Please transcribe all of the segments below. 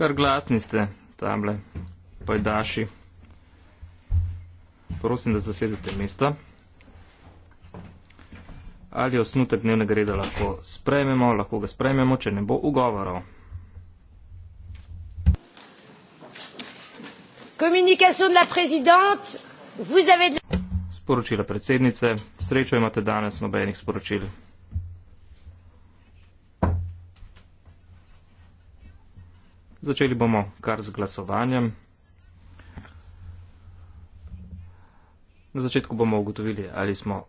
Kar glasni ste, tamle, pajdaši. Prosim, da zasedete mesta. Ali osnutek dnevnega reda lahko sprejmemo, lahko ga sprejmemo, če ne bo ugovorov. Sporočila predsednice, srečo imate danes nobenih sporočil. Začeli bomo kar z glasovanjem. Na začetku bomo ugotovili, ali smo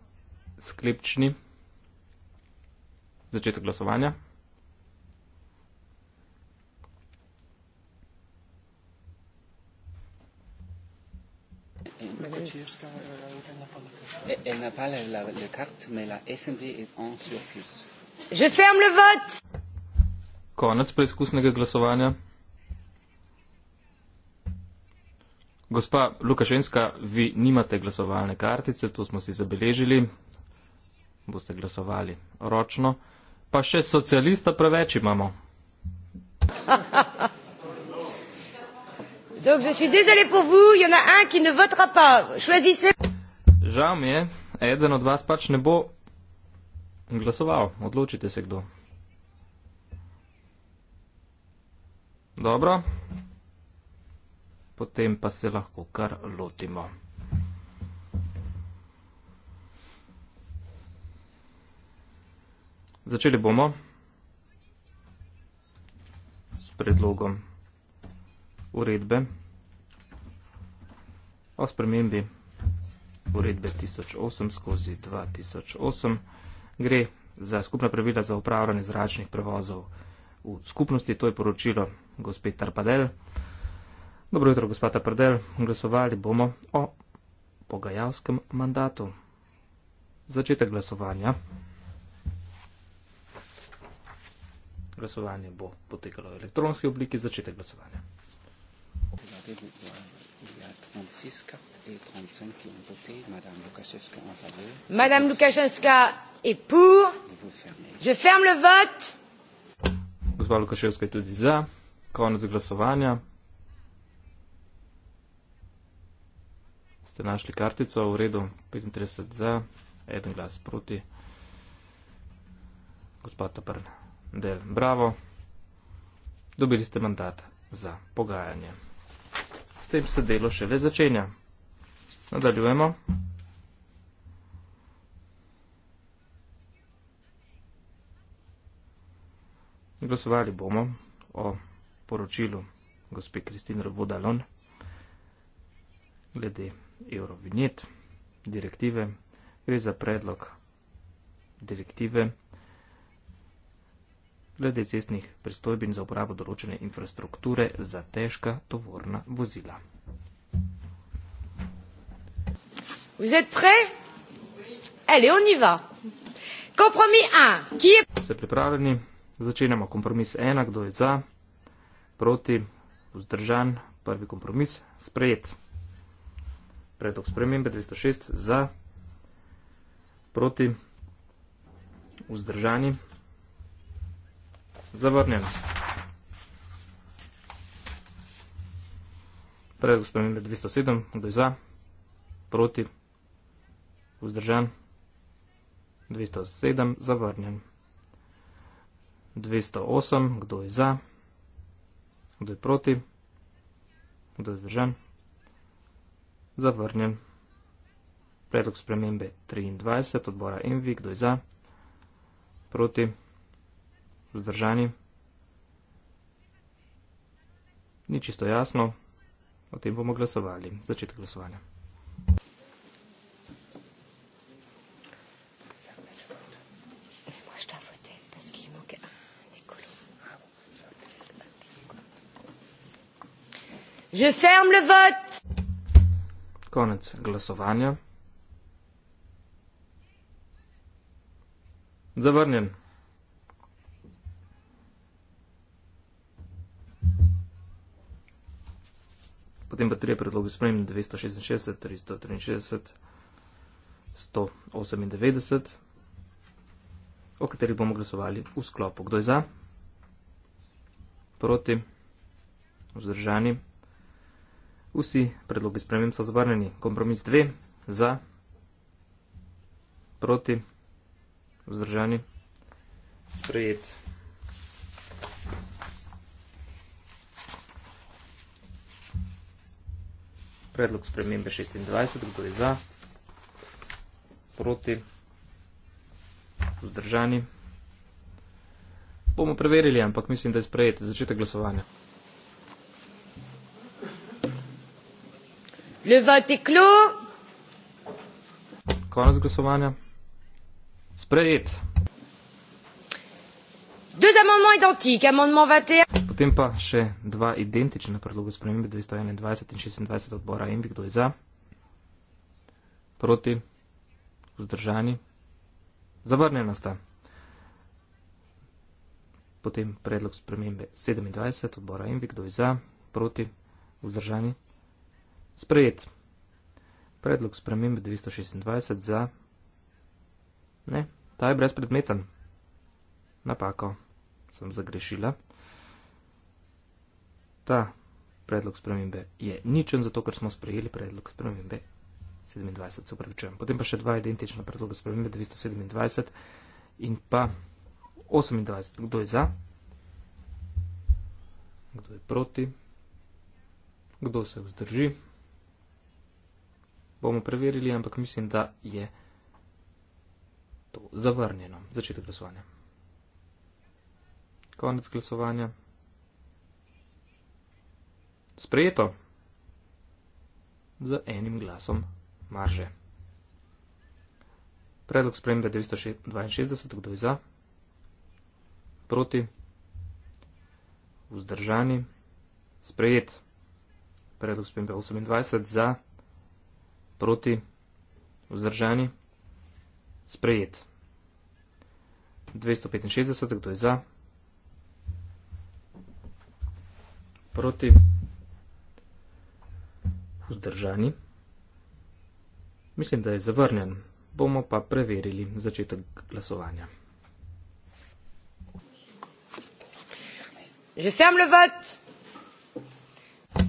sklepčni. Začetek glasovanja. Elle n'a pas la, la, la carte, mais la SND est en surplus. Je ferme le vote! Konec preizkusnega glasovanja. Gospa Lukašenska, vi nimate glasovalne kartice, to smo si zabeležili. Boste glasovali ročno. Pa še socialista preveč imamo. Žal mi je, eden od vas pač ne bo glasoval. Odločite se kdo. Dobro potem pa se lahko kar lotimo. Začeli bomo s predlogom uredbe o spremembi uredbe 1008 skozi 2008. Gre za skupna pravila za upravljanje zračnih prevozov v skupnosti, to je poročilo gospe Tarpadel. Dobro jutro, gospod Predel. Glasovali bomo o pogajalskem mandatu. Začetek glasovanja. Glasovanje bo potekalo v elektronski obliki. Začetek glasovanja. Madame Lukašenska je pour. Je ferme le vote. Gospod Lukašenska je tudi za. Konec glasovanja. ste našli kartico v redu, 35 za, 1 glas proti. Gospod Taprn, del, bravo. Dobili ste mandat za pogajanje. S tem se delo šele začenja. Nadaljujemo. Glasovali bomo o poročilu gospe Kristine Robodalon glede Eurovinjet direktive. Gre za predlog direktive glede cestnih pristojbin za uporabo določene infrastrukture za težka tovorna vozila. Vous êtes prêts? Allez, on y va. Compromis 1. Qui est... Se pripravljeni, začenjamo kompromis 1. Kdo je za? Proti? Vzdržan? Prvi kompromis? Sprejet predlog spremembe 206 za, proti, vzdržani, zavrnjen. Predlog spremembe 207, kdo je za, proti, vzdržan, 207, zavrnjen. 208, kdo je za, kdo je proti, kdo je vzdržan zavrnjen. Predlog spremembe 23 odbora Envi, kdo je za, proti, vzdržani. Ni čisto jasno, o tem bomo glasovali. Začetek glasovanja. Je ferme le vote. Konec glasovanja. Zavrnjen. Potem pa tri predloge spremem 266, 363, 198, o katerih bomo glasovali v sklopu. Kdo je za? Proti? Vzdržani? Vsi predlogi sprememb so zavrnjeni. Kompromis 2 za, proti, vzdržani, sprejet. Predlog spremembe 26, kdo je za, proti, vzdržani. Bomo preverili, ampak mislim, da je sprejet začetek glasovanja. Le vote est clos. Konec glasovanja. Sprejet. Deux amendements identiques, amendement 21. Potem pa še dva identična predloga spremembe 221 in 26 odbora in kdo je za? Proti? Vzdržani? Zavrnjena sta. Potem predlog spremembe 27 odbora in kdo je za? Proti? Vzdržani? Sprejet. Predlog spremembe 226 za. Ne, ta je brezpredmeten. Napako sem zagrešila. Ta predlog spremembe je ničen, zato ker smo sprejeli predlog spremembe 27, se upravičujem. Potem pa še dva identična predloga spremembe 227 in pa 28. Kdo je za? Kdo je proti? Kdo se vzdrži? bomo preverili, ampak mislim, da je to zavrnjeno. Začetek glasovanja. Konec glasovanja. Sprejeto z enim glasom marže. Predlog spremembe 962, kdo je za? Proti? Vzdržani? Sprejet. Predlog spremembe 28 za? proti, vzdržani, sprejet. 265, kdo je za? Proti, vzdržani. Mislim, da je zavrnjen. Bomo pa preverili začetek glasovanja. Že sem le vod.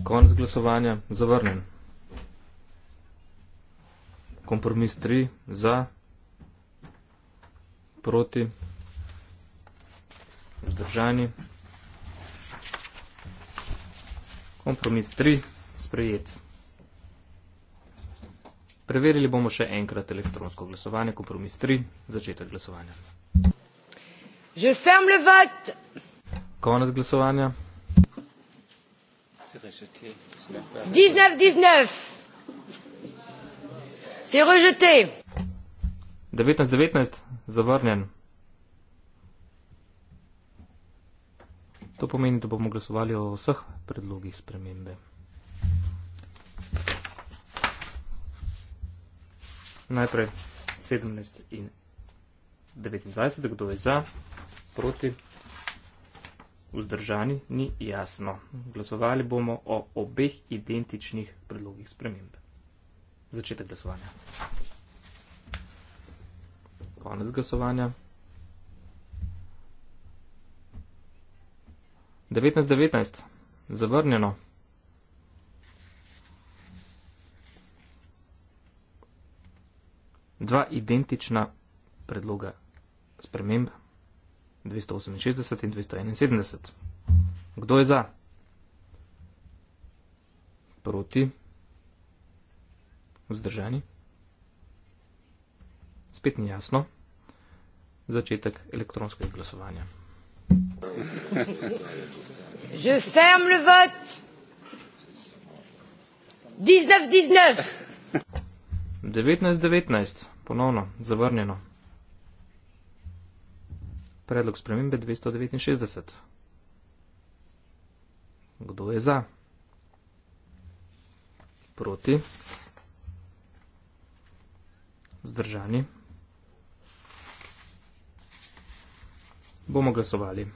Konc glasovanja, zavrnjen kompromis 3 za, proti, vzdržani, kompromis 3 sprejet. Preverili bomo še enkrat elektronsko glasovanje, kompromis 3, začetek glasovanja. Je ferme le vote. Konec glasovanja. 19-19. C'est rejeté. 19-19, zavrnjen. To pomeni, da bomo glasovali o vseh predlogih spremembe. Najprej 17 in 29, kdo je za, proti, vzdržani, ni jasno. Glasovali bomo o obeh identičnih predlogih spremembe začetek glasovanja. Konec glasovanja. 19-19, zavrnjeno. Dva identična predloga sprememb, 268 in 271. Kdo je za? Proti vzdržani? Spet ni jasno. Začetek elektronskega glasovanja. Je ferm le vot. 1919. Ponovno zavrnjeno. Predlog spremembe 269. Kdo je za? Proti zdržani. Bomo glasovali.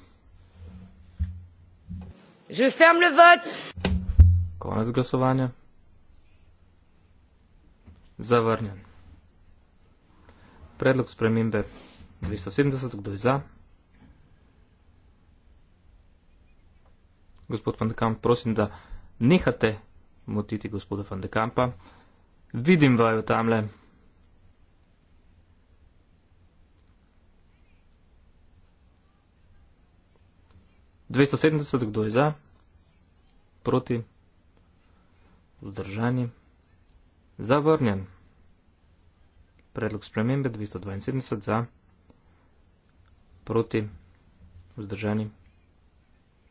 Že sem le vod. Konec glasovanja. Zavrnjen. Predlog spremembe 270, kdo je za? Gospod Fandekamp, prosim, da nehate motiti gospoda Fandekampa. Vidim vaju tamle. 270, kdo je za, proti, vzdržani, zavrnjen. Predlog spremembe 272 za, proti, vzdržani,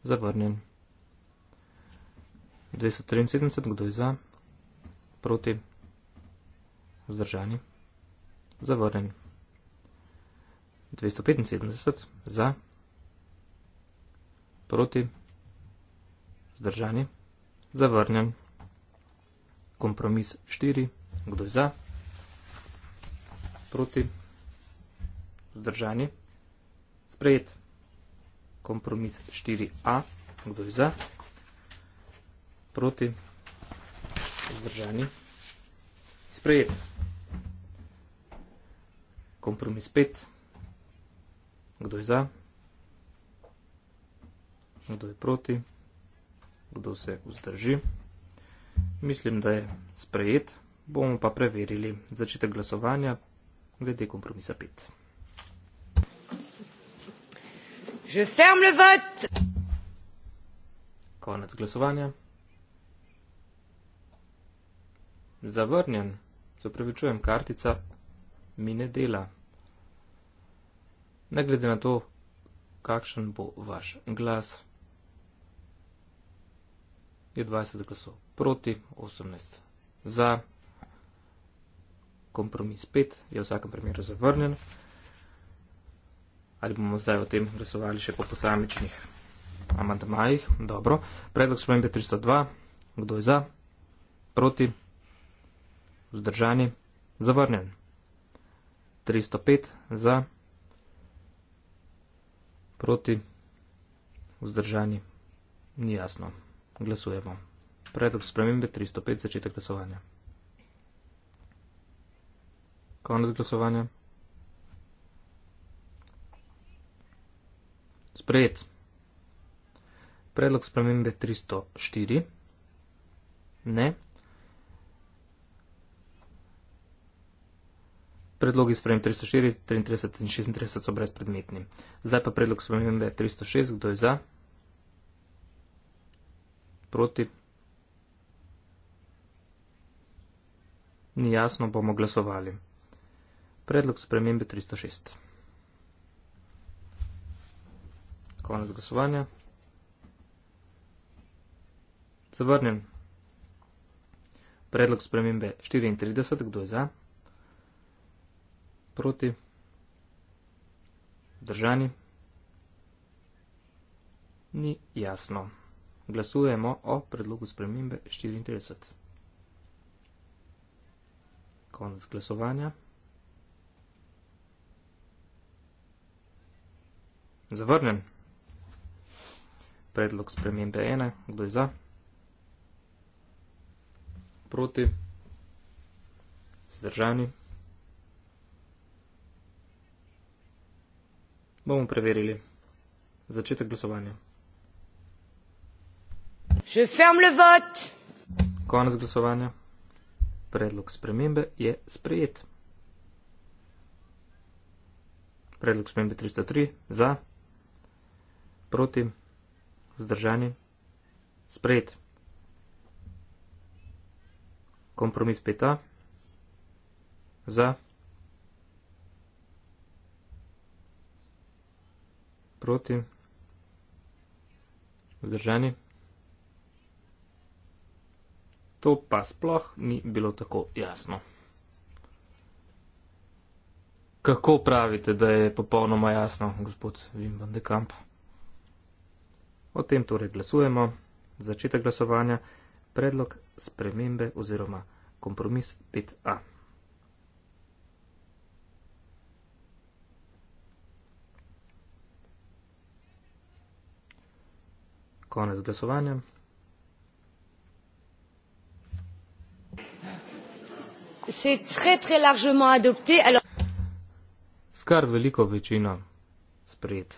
zavrnjen. 273, kdo je za, proti, vzdržani, zavrnjen. 275 za, proti, vzdržani proti, zdržani, zavrnjen. Kompromis 4, kdo je za, proti, zdržani, sprejet. Kompromis 4a, kdo je za, proti, zdržani, sprejet. Kompromis 5, kdo je za, proti kdo je proti, kdo se vzdrži. Mislim, da je sprejet, bomo pa preverili začetek glasovanja glede kompromisa 5. Že sem levat! Konec glasovanja. Zavrnjen, se upravičujem, kartica mi ne dela. Ne glede na to, kakšen bo vaš glas je 20 glasov proti 18. Za kompromis 5 je v vsakem primeru zavrnjen. Ali bomo zdaj o tem glasovali še po posamičnih amantmajih? Dobro. Predlog spremembe 302. Kdo je za? Proti? Vzdržani? Zavrnjen. 305 za. Proti? Vzdržani? Ni jasno. Glasujemo. Predlog spremembe 305, začetek glasovanja. Konec glasovanja. Sprejet. Predlog spremembe 304. Ne. Predlogi sprememb 304, 33 in 36 so brezpredmetni. Zdaj pa predlog sprememb 306, kdo je za? proti. Ni jasno, bomo glasovali. Predlog spremembe 306. Konec glasovanja. Zavrnjen. Predlog spremembe 34. Kdo je za? Proti. Držani. Ni jasno. Glasujemo o predlogu spremembe 34. Konec glasovanja. Zavrnem. Predlog spremembe 1. Kdo je za? Proti? Zdržani? Bomo preverili. Začetek glasovanja. Je ferme le vote. Konec glasovanja. Predlog spremembe je sprejet. Predlog spremembe 303 za, proti, vzdržani, sprejet. Kompromis 5a za, proti, vzdržani, sprejet. To pa sploh ni bilo tako jasno. Kako pravite, da je popolnoma jasno, gospod Wim van de Kamp? O tem torej glasujemo. Začetek glasovanja. Predlog spremembe oziroma kompromis 5a. Konec glasovanja. S kar veliko večino sprejet.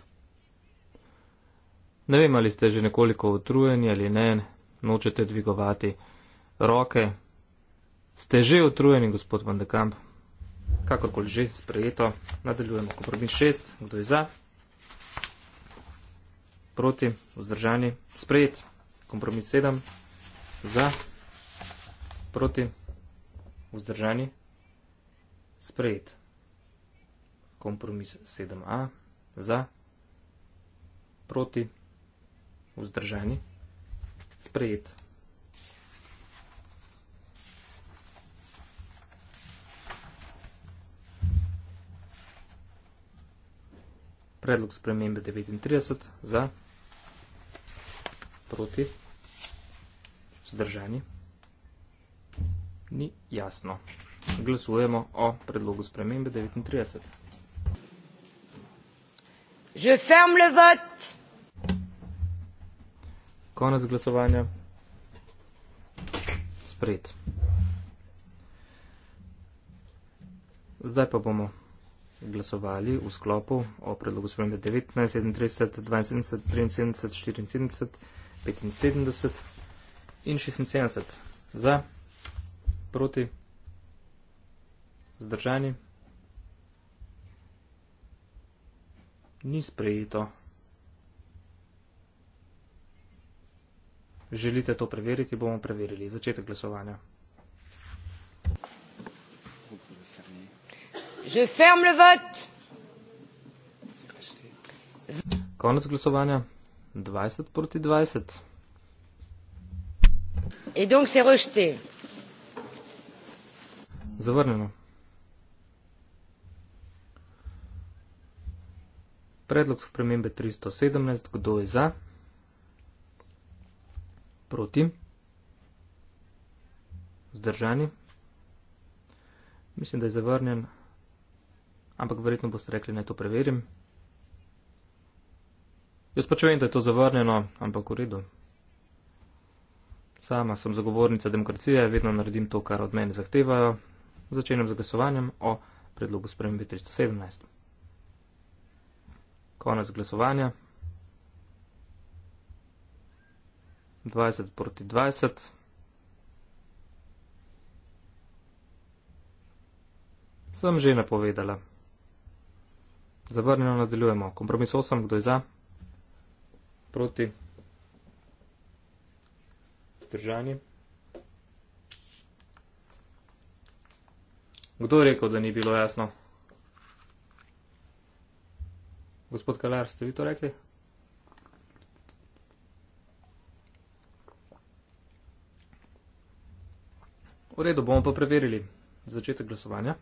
Ne vem, ali ste že nekoliko utrujeni ali ne, nočete dvigovati roke. Ste že utrujeni, gospod Vandekamp? Kakorkoli že, sprejeto. Nadaljujemo, ko probim šest, kdo je za. Proti, vzdržani, sprejet. Kompromis 7. Za. Proti vzdržani. Sprejet. Kompromis 7a za. Proti. Vzdržani. Sprejet. Predlog spremembe 39 za. Proti. Vzdržani ni jasno. Glasujemo o predlogu spremembe 39. Je ferm le vot. Konec glasovanja. Sprejet. Zdaj pa bomo glasovali v sklopu o predlogu spremembe 19, 37, 72, 73, 74, 75 in 76 za proti, zdržani, ni sprejeto. Želite to preveriti, bomo preverili. Začetek glasovanja. Je ferm le vot. Konec glasovanja. 20 proti 20. Et donc c'est rejeté zavrnjeno. Predlog spremembe 317, kdo je za? Proti? Zdržani? Mislim, da je zavrnjen, ampak verjetno boste rekli, naj to preverim. Jaz pač vem, da je to zavrnjeno, ampak v redu. Sama sem zagovornica demokracije, vedno naredim to, kar od mene zahtevajo, začenjam z glasovanjem o predlogu spremembe 317. Konec glasovanja. 20 proti 20. Sem že napovedala. Zavrnjeno nadaljujemo. Kompromis 8, kdo je za? Proti. Zdržanje. Kdo je rekel, da ni bilo jasno? Gospod Kalar, ste vi to rekli? V redu, bomo pa preverili začetek glasovanja.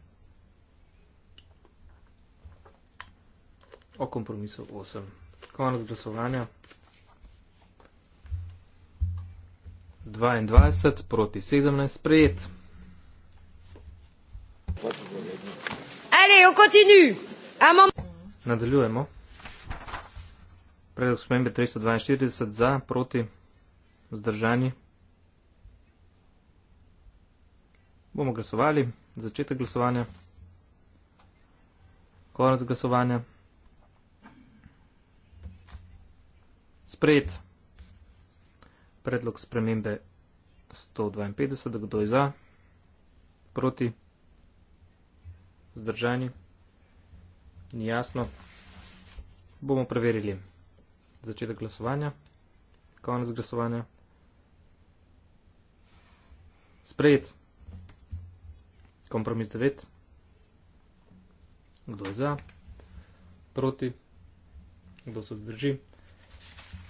O kompromisu 8. Konec glasovanja. 22 proti 17 sprejet. Allez, on continue. Un moment. Nadaljujemo. Predlog spremembe 342 za, proti, vzdržani. Bomo glasovali. Začetek glasovanja. Konec glasovanja. Sprejet. Predlog spremembe 152. Kdo je za? Proti zdržani, ni jasno. Bomo preverili začetek glasovanja, konec glasovanja. Sprejet. Kompromis 9. Kdo je za? Proti? Kdo se zdrži?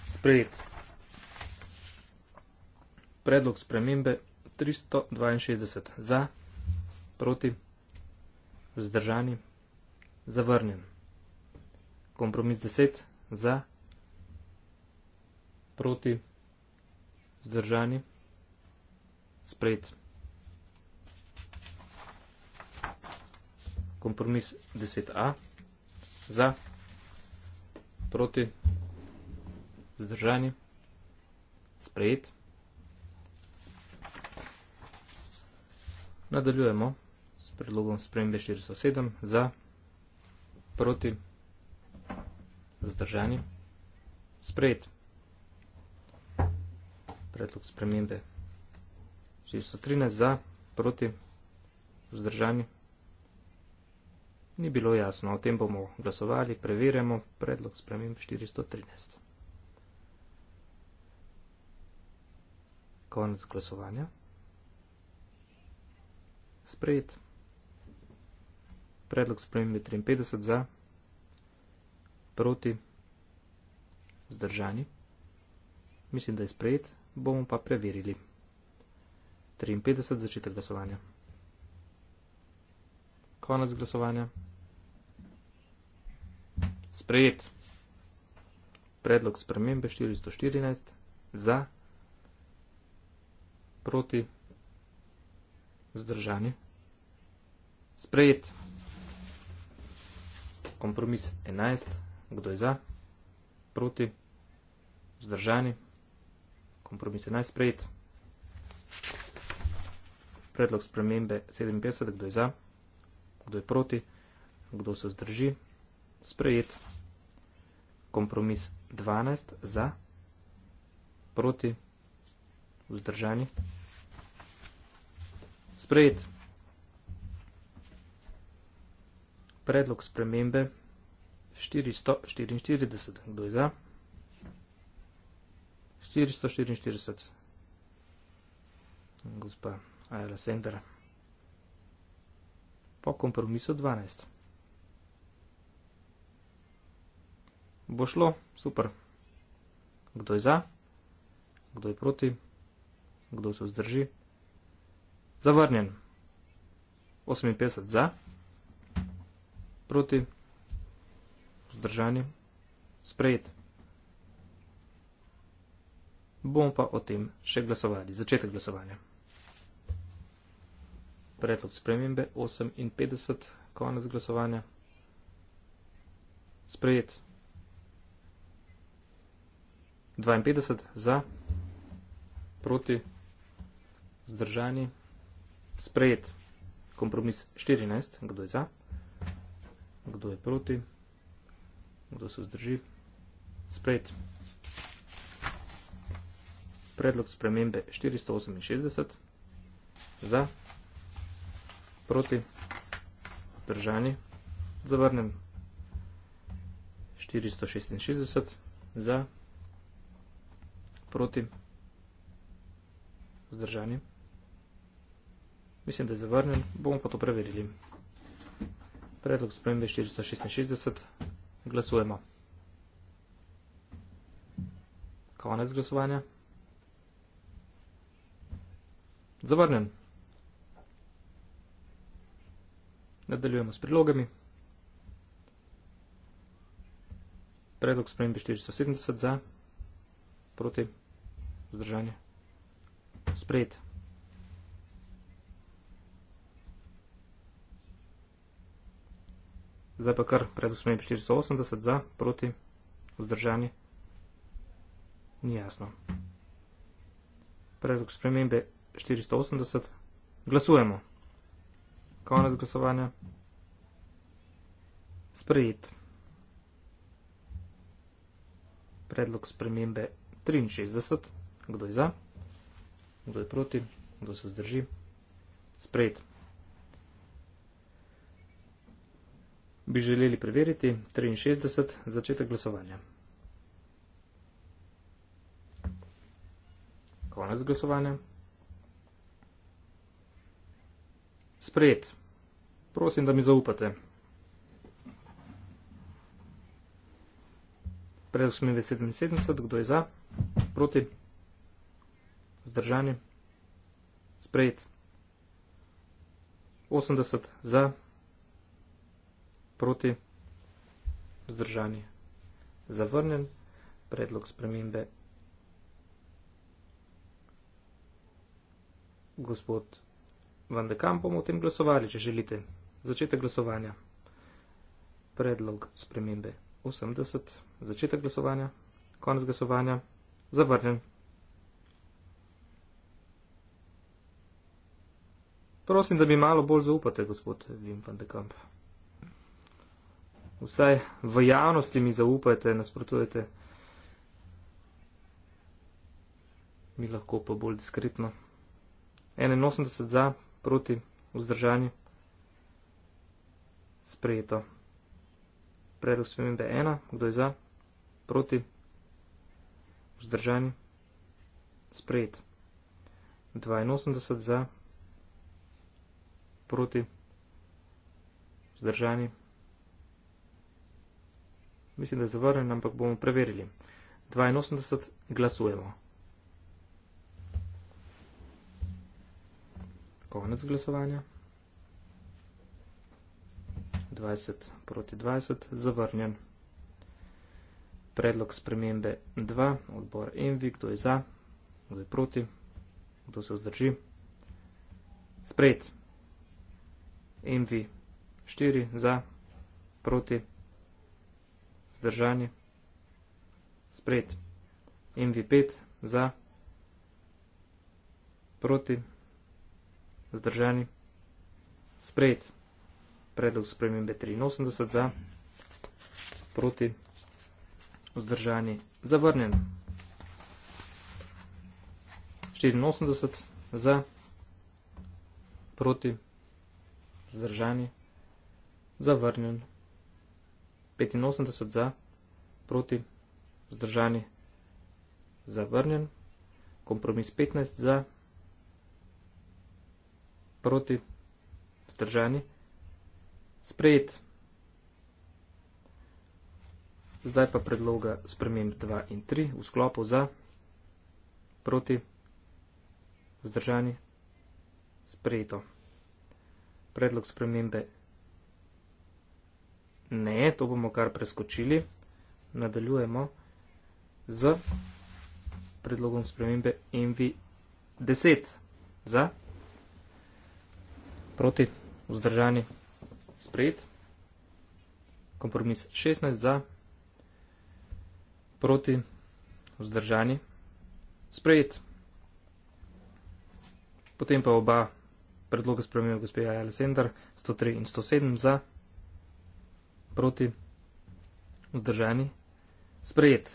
Sprejet. Predlog spremembe 362. Za? Proti? vzdržani, zavrnjen. Kompromis 10 za, proti, vzdržani, sprejet. Kompromis 10a za, proti, vzdržani, sprejet. Nadaljujemo predlogom spremembe 47 za, proti, zadržanje, sprejet. Predlog spremembe 413 za, proti, zadržanje. Ni bilo jasno, o tem bomo glasovali, preverjamo predlog spremem 413. Konec glasovanja. Sprejet predlog spremembe 53 za, proti, zdržani. Mislim, da je sprejet, bomo pa preverili. 53 začetek glasovanja. Konec glasovanja. Sprejet. Predlog spremembe 414 za, proti, zdržani. Sprejet kompromis 11, kdo je za, proti, vzdržani, kompromis 11 sprejet. Predlog spremembe 57, kdo je za, kdo je proti, kdo se vzdrži, sprejet. Kompromis 12 za, proti, vzdržani, sprejet. predlog spremembe 444. Kdo je za? 444. Gospa Ajla Sender. Po kompromisu 12. Bo šlo? Super. Kdo je za? Kdo je proti? Kdo se vzdrži? Zavrnjen. 58 za proti, vzdržani, sprejet. Bomo pa o tem še glasovali. Začetek glasovanja. Predlog spremembe 58, konec glasovanja. Sprejet. 52 za, proti, vzdržani, sprejet. Kompromis 14, kdo je za? Kdo je proti? Kdo se vzdrži? Sprejet. Predlog spremembe 468. Za. Proti. Držani. Zavrnem. 466. Za. Proti. Zdržani. Mislim, da je zavrnjen. Bomo pa to preverili predlog spremembe 466. Glasujemo. Konec glasovanja. Zavrnjen. Nadaljujemo s predlogami. Predlog spremembe 470 za, proti, vzdržanje. Sprejeti. zdaj pa kar predusmejem 480 za, proti, vzdržanje, ni jasno. Predlog spremembe 480. Glasujemo. Konec glasovanja. Sprejet. Predlog spremembe 63. Kdo je za? Kdo je proti? Kdo se vzdrži? Sprejet. bi želeli preveriti. 63. Začetek glasovanja. Konec glasovanja. Sprejet. Prosim, da mi zaupate. Predlog smo imeli 77, kdo je za? Proti? Zdržanje? Sprejet. 80 za, proti, vzdržani, zavrnjen, predlog spremembe. Gospod Vandekam, bomo o tem glasovali, če želite. Začetek glasovanja. Predlog spremembe 80. Začetek glasovanja. Konec glasovanja. Zavrnjen. Prosim, da mi malo bolj zaupate, gospod Vim Vandekam vsaj v javnosti mi zaupajte, nasprotujete. Mi lahko pa bolj diskretno. 81 za, proti, vzdržani. Sprejeto. Predlog spremembe 1, kdo je za, proti, vzdržani. Sprejet. 82 za, proti, vzdržani. Mislim, da je zavrnjen, ampak bomo preverili. 82 glasujemo. Konec glasovanja. 20 proti 20, zavrnjen. Predlog spremembe 2, odbor Envi, kdo je za, kdo je proti, kdo se vzdrži. Sprejet. Envi 4, za, proti. Zdržanje. Sprejet. MV5 za. Proti. Zdržanje. Sprejet. Predlog spremembe 83 za. Proti. Zdržanje. Zavrnjen. 84 za. Proti. Zdržanje. Zavrnjen. 85 za, proti, vzdržani, zavrnjen, kompromis 15 za, proti, vzdržani, sprejet. Zdaj pa predloga spremem 2 in 3 v sklopu za, proti, vzdržani, sprejeto. Predlog spremembe Ne, to bomo kar preskočili. Nadaljujemo z predlogom spremembe MV10 za proti vzdržani sprejet. Kompromis 16 za proti vzdržani sprejet. Potem pa oba predloga spremembe gospeja Alessandra 103 in 107 za. Proti? Vzdržani? Sprejet.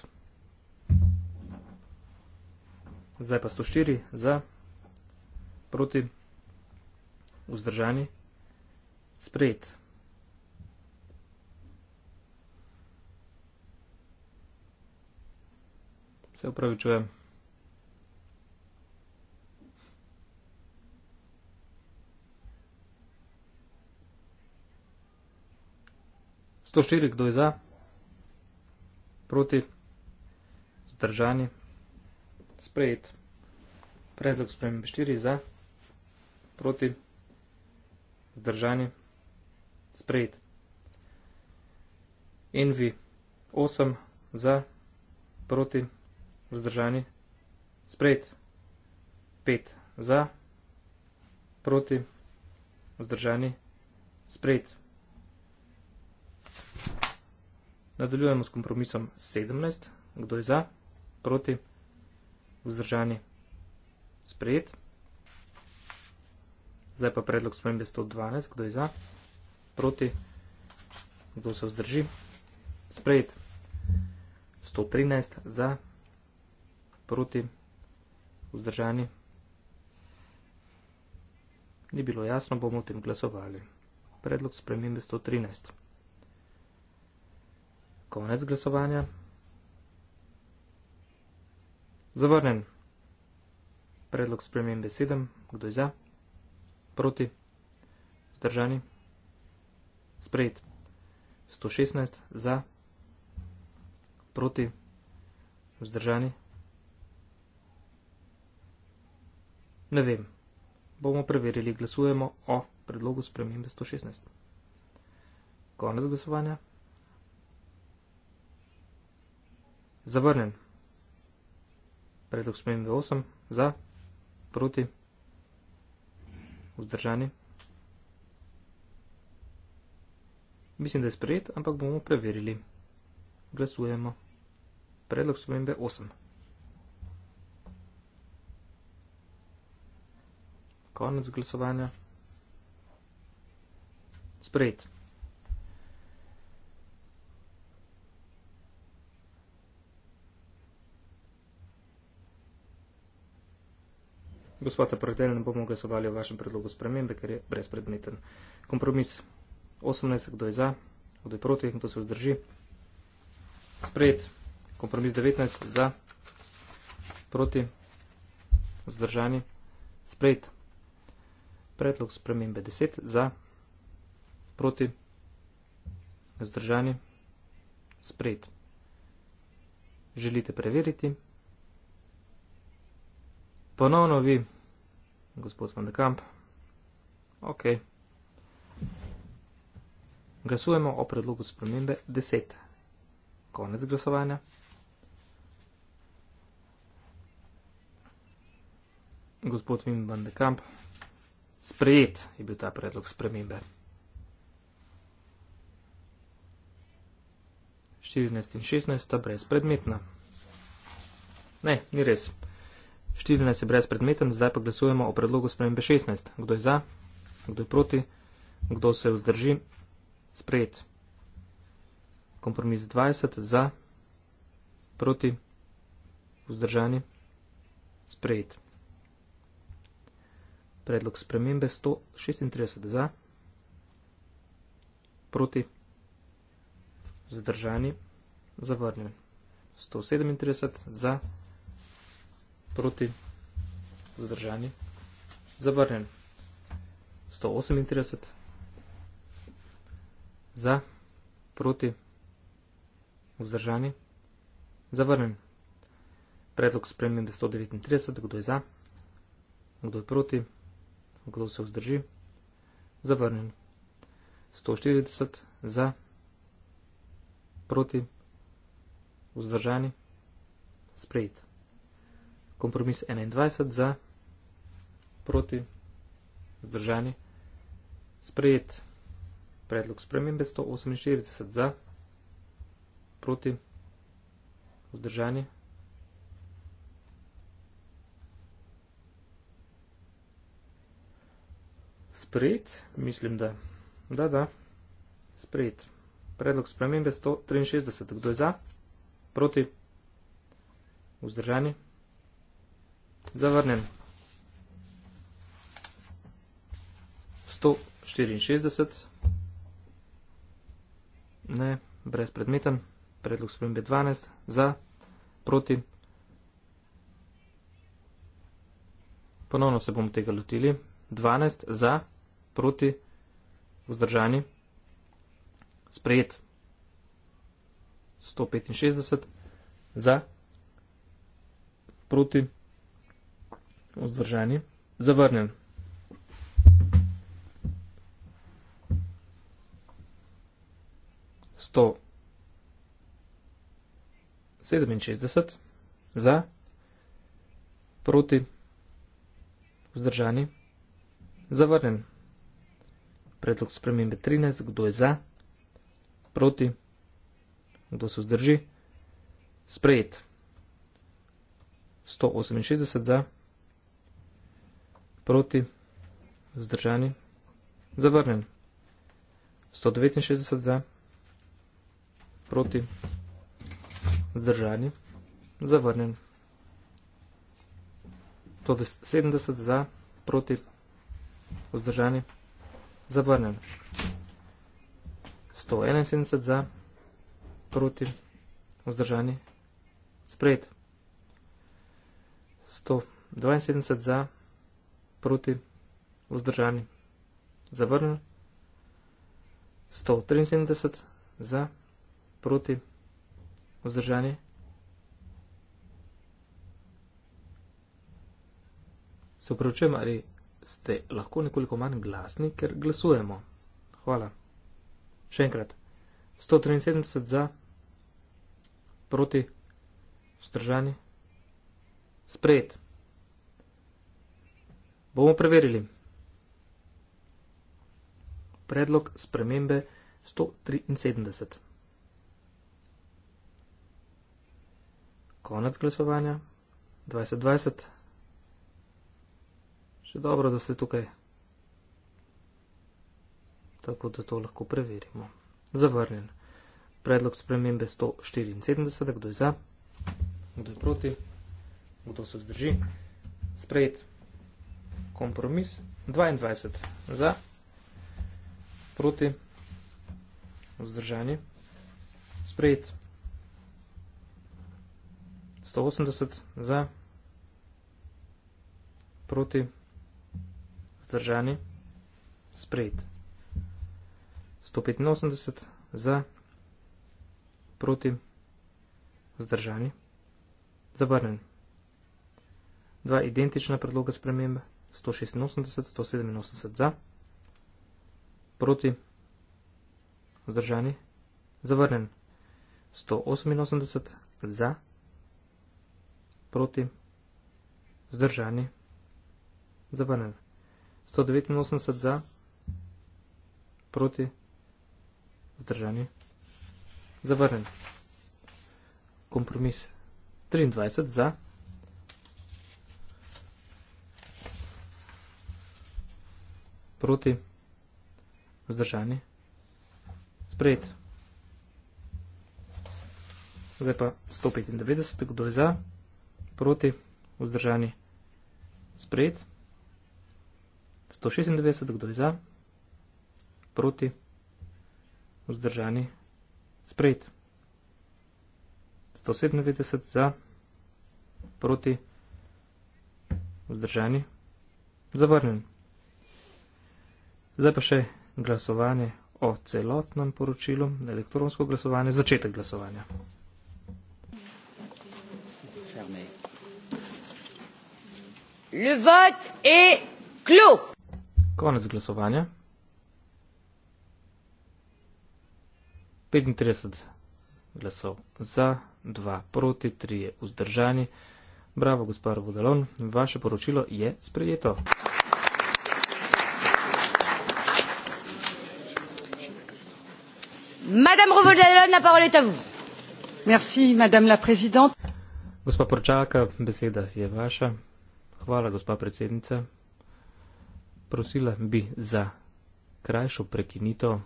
Zdaj pa 104 za, proti, vzdržani, sprejet. Se upravičujem. 104, kdo je za? Proti? Zdržani? Sprejet. Predlog spremembe 4 za? Proti? Zdržani? Sprejet. NV 8 za? Proti? Zdržani? Sprejet. 5 za? Proti? Zdržani? Sprejet. Nadaljujemo s kompromisom 17. Kdo je za? Proti? Vzdržani? Sprejet. Zdaj pa predlog spremembe 112. Kdo je za? Proti? Kdo se vzdrži? Sprejet. 113 za, proti, vzdržani. Ni bilo jasno, bomo o tem glasovali. Predlog spremembe 113. Konec glasovanja. Zavrnen. Predlog spremembe 7. Kdo je za? Proti? Zdržani? Sprejet. 116. Za? Proti? Zdržani? Ne vem. Bomo preverili. Glasujemo o predlogu spremembe 116. Konec glasovanja. zavrnjen. Predlog spremembe 8 za, proti, vzdržani. Mislim, da je sprejet, ampak bomo preverili. Glasujemo. Predlog spremembe 8. Konec glasovanja. Sprejet. Gospod Aprotel, ne bomo glasovali o vašem predlogu spremembe, ker je brezpredmeten. Kompromis 18, kdo je za, kdo je proti, kdo se vzdrži. Sprejet. Kompromis 19, za, proti, vzdržani. Sprejet. Predlog spremembe 10, za, proti, vzdržani. Sprejet. Želite preveriti? Ponovno vi, gospod Van de Kamp. Ok. Glasujemo o predlogu spremembe 10. Konec glasovanja. Gospod Vim Van de Kamp, sprejet je bil ta predlog spremembe. 14 in 16 sta brezpredmetna. Ne, ni res. 14 je brez predmeten, zdaj pa glasujemo o predlogu spremembe 16. Kdo je za, kdo je proti, kdo se vzdrži, sprejet. Kompromis 20, za, proti, vzdržani, sprejet. Predlog spremembe 136, za, proti, vzdržani, zavrnjen. 137, za, proti proti vzdržanju, zavrnjen 138, za proti vzdržanju, zavrnjen predlog spremljen 139, kdo je za, kdo je proti, kdo se vzdrži, zavrnjen 140, za proti vzdržanju, sprejeti kompromis 21 za proti vzdržani sprejet predlog spremembe 148 za proti vzdržani. Sprejet, mislim, da. Da, da, sprejet. Predlog spremembe 163. Kdo je za? Proti? Vzdržani? Zavrnem. 164. Ne, brezpredmeten. Predlog spremembe 12. Za, proti. Ponovno se bomo tega lotili. 12 za, proti, vzdržani, sprejet. 165 za, proti. Vzdržani. Zavrnjen. Sto. Sedeminšestdeset. Za. Proti. Vzdržani. Zavrnjen. Predlog spremembe 13. Kdo je za? Proti. Kdo se vzdrži? Sprejet. 168 za proti, vzdržani, zavrnjen. 169 za, proti, vzdržani, zavrnjen. 170 za, proti, vzdržani, zavrnjen. 171 za, proti, vzdržani, sprejet. 172 za, proti, vzdržani, sprejet. 172 za, proti, vzdržani, zavrnjen, 173 za, proti, vzdržani, se upravičujem, ali ste lahko nekoliko manj glasni, ker glasujemo. Hvala. Še enkrat, 173 za, proti, vzdržani, sprejet. Bomo preverili. Predlog spremembe 173. Konec glasovanja 2020. Še dobro, da ste tukaj. Tako da to lahko preverimo. Zavrnjen. Predlog spremembe 174. Kdo je za? Kdo je proti? Kdo se vzdrži? Sprejet kompromis 22 za, proti, vzdržani, sprejet 180 za, proti, vzdržani, sprejet 185 za, proti, vzdržani, zabrnen. Dva identična predloga spremembe. 186-187 za, proti, vzdržani, zavrnen, 188 za, proti, vzdržani, zavrnen, 189 za, proti, vzdržani, zavrnen, kompromis 23 za, proti, vzdržani, sprejeti. Zdaj pa 195, kdo je za, proti, vzdržani, sprejeti. 196, kdo je za, proti, vzdržani, sprejeti. 197 za, proti, vzdržani, zavrnjen. Zdaj pa še glasovanje o celotnem poročilu, elektronsko glasovanje, začetek glasovanja. Konec glasovanja. 35 glasov za, 2 proti, 3 vzdržani. Bravo, gospod Vodalon, vaše poročilo je sprejeto. madame revoltella la parole est à vous merci madame la présidente gospa porčaka beseda je vaša hvala gospa predsednica prosila bi za krajšo prekinito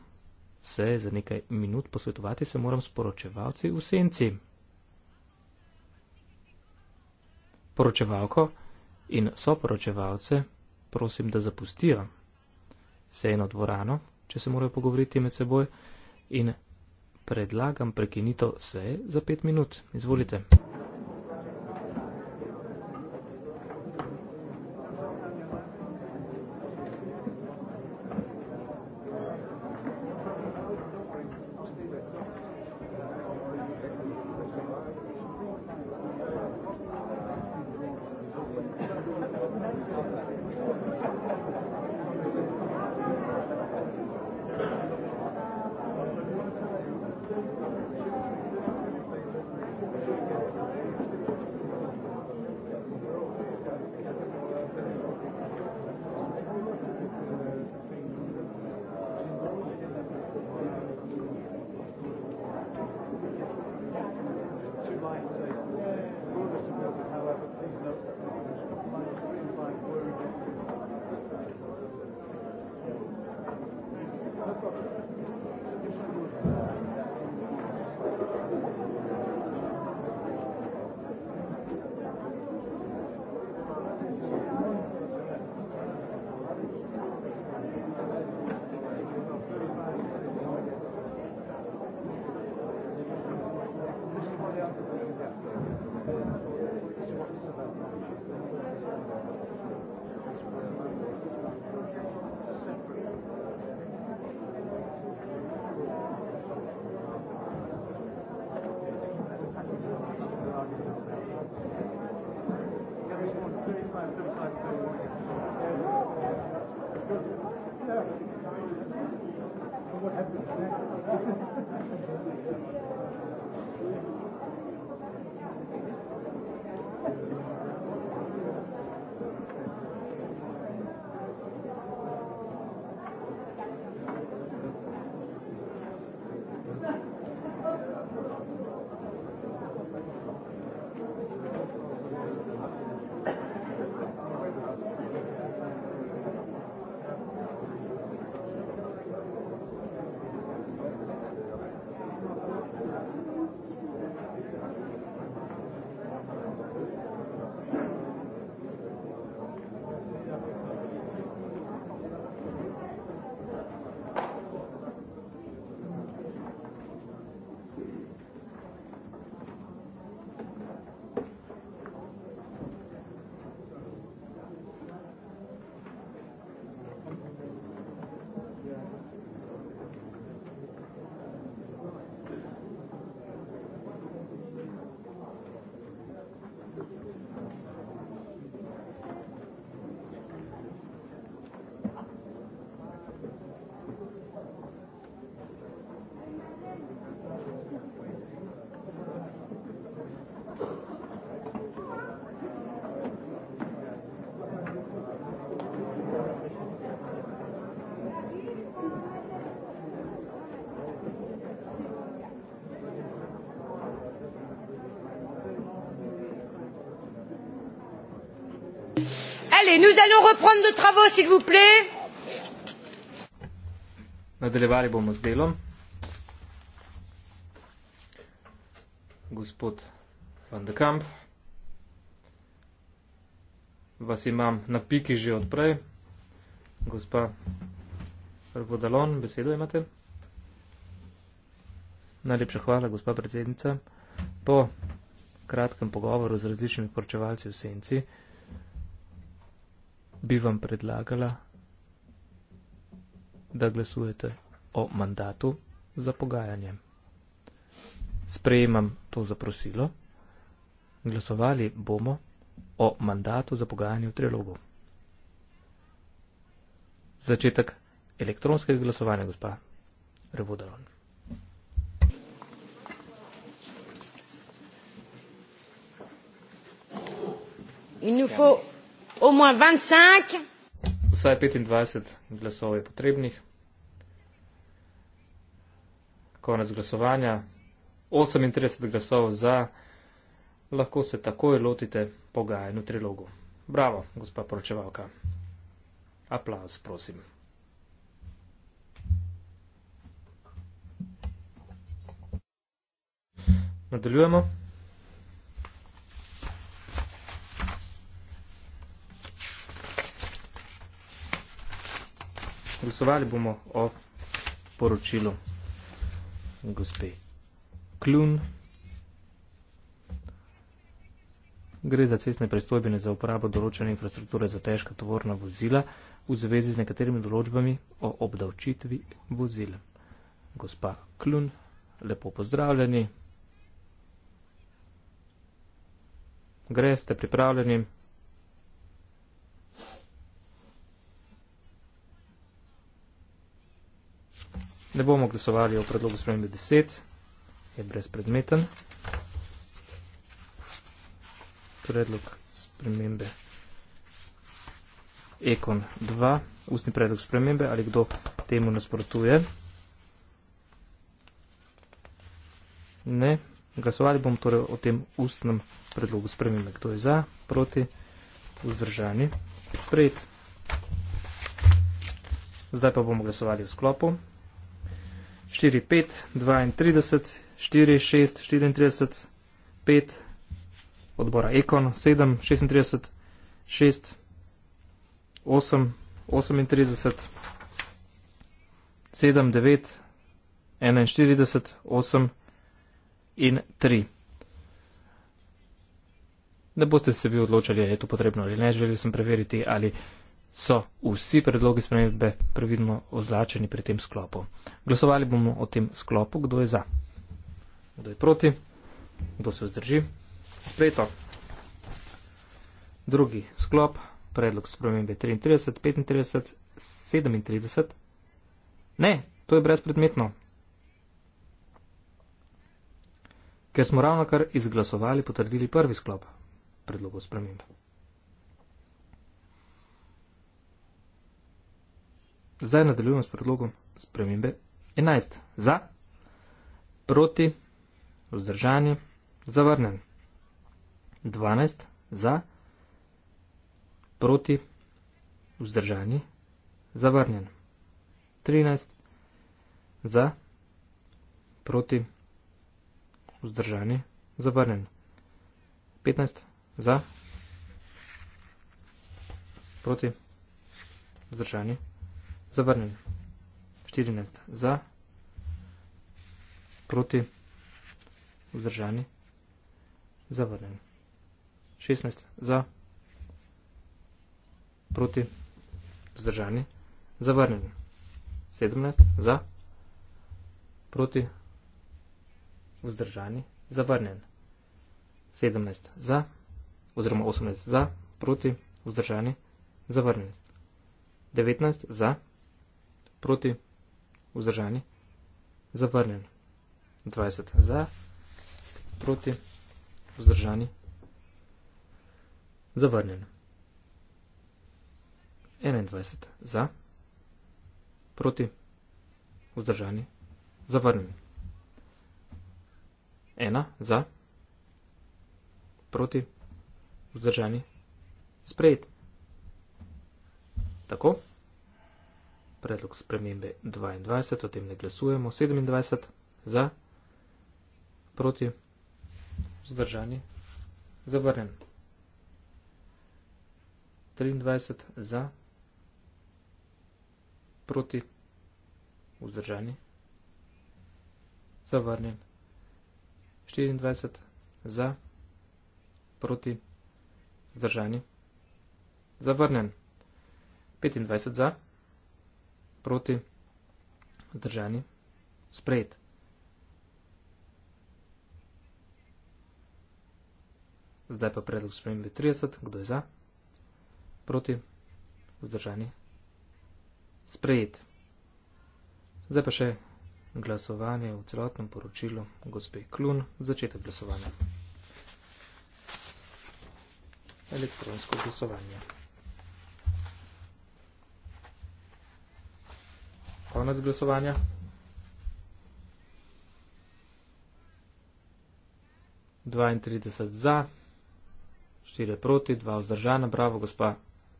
se za nekaj minut posvetovati se moram s poročevalci v senci poročevalko in soporočevalce prosim da zapustijo sejno dvorano če se morajo pogovoriti med seboj in predlagam prekinitev seje za pet minut. Izvolite. Allez, nous allons reprendre nos travaux, s'il vous plaît. Nadaljevali bomo z delom. Gospod Van de Kamp, vas imam na piki že odprej. Gospa Rvodalon, besedo imate. Najlepša hvala, gospa predsednica. Po kratkem pogovoru z različnimi poročevalci v Senci, bi vam predlagala, da glasujete o mandatu za pogajanje. Sprejemam to zaprosilo. Glasovali bomo o mandatu za pogajanje v trilogu. Začetek elektronskega glasovanja, gospa Revodaron. Il nous faut au moins 25. Vsaj 25 glasov je potrebnih. Konec glasovanja. 38 glasov za. Lahko se takoj lotite pogajanju trilogu. Bravo, gospa poročevalka. Aplaus, prosim. Nadaljujemo. glasovali bomo o poročilu gospe Kljun. Gre za cestne prestojbine za uporabo določene infrastrukture za težka tovorna vozila v zvezi z nekaterimi določbami o obdavčitvi vozil. Gospa Kljun, lepo pozdravljeni. Greste pripravljeni. Ne bomo glasovali o predlogu spremembe 10, je brezpredmeten. Predlog spremembe Ekon 2, ustni predlog spremembe, ali kdo temu nasprotuje. Ne, glasovali bomo torej o tem ustnem predlogu spremembe. Kdo je za, proti, vzdržani, sprejet. Zdaj pa bomo glasovali v sklopu. 4, 5, 32, 4, 6, 34, 5, odbora Ekon, 7, 36, 6, 8, 38, 7, 9, 41, 8 in 3. Ne boste se vi odločali, ali je to potrebno ali ne, želel sem preveriti, ali so vsi predlogi spremembe previdno označeni pri tem sklopu. Glasovali bomo o tem sklopu, kdo je za, kdo je proti, kdo se vzdrži. Sprejeto. Drugi sklop, predlog spremembe 33, 35, 37. Ne, to je brezpredmetno. Ker smo ravno kar izglasovali, potrdili prvi sklop predlogov spremembe. Zdaj nadaljujemo s predlogom spremembe 11. Za, proti, vzdržanje, zavrnen. 12. Za, proti, vzdržanje, zavrnen. 13. Za, proti, vzdržanje, zavrnen. 15. Za, proti, vzdržanje, zavrnen zavrnjen. 14 za, proti, vzdržani, zavrnjen. 16 za, proti, vzdržani, zavrnjen. 17 za, proti, vzdržani, zavrnjen. 17 za, oziroma 18 za, proti, vzdržani, zavrnjen. 19 za, proti, vzdržani, zavrnjen proti, vzdržani, zavrnjen. 20 za, proti, vzdržani, zavrnjen. 21 za, proti, vzdržani, zavrnjen. 1 za, proti, vzdržani, sprejet. Tako? predlog spremembe 22, o tem ne glasujemo. 27 za, proti, vzdržani, zavrnen. 23 za, proti, vzdržani, zavrnen. 24 za, proti, vzdržani, zavrnen. 25 za proti, zdrženi, sprejet. Zdaj pa predlog spremljali 30, kdo je za, proti, vzdržani, sprejet. Zdaj pa še glasovanje v celotnem poročilu gospe Klun, začetek glasovanja. Elektronsko glasovanje. Konec glasovanja. Za, 4 proti, 2 vzdržana, bravo, gospa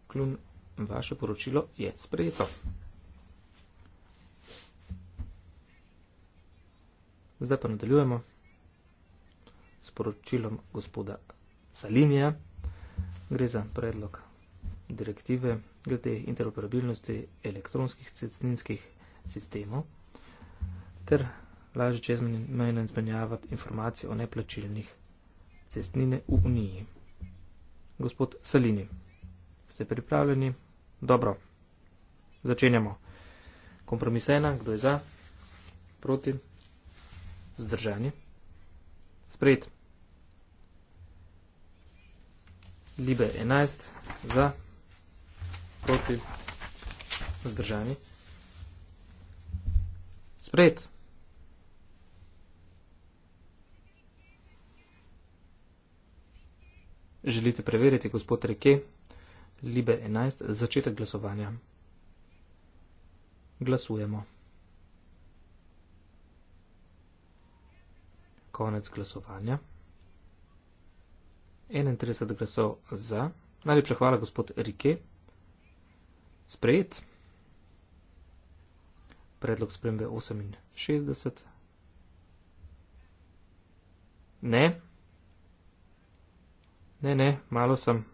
Klun, vaše poročilo je sprejeto. Zdaj pa nadaljujemo s poročilom gospoda Salinija. Gre za predlog direktive glede interoperabilnosti elektronskih cestninskih sistemu ter lažje čezmejno izmenjavati informacije o neplačilnih cestnine v Uniji. Gospod Salini, ste pripravljeni? Dobro, začenjamo. Kompromis ena, kdo je za, proti, zdržani, sprejet. Libe 11 za, proti, zdržani. Red. Želite preveriti, gospod Reke, Libe 11, začetek glasovanja. Glasujemo. Konec glasovanja. 31 glasov za. Najlepša hvala, gospod Rike. Sprejet predlog spremembe 68? Ne. Ne, ne, malo sem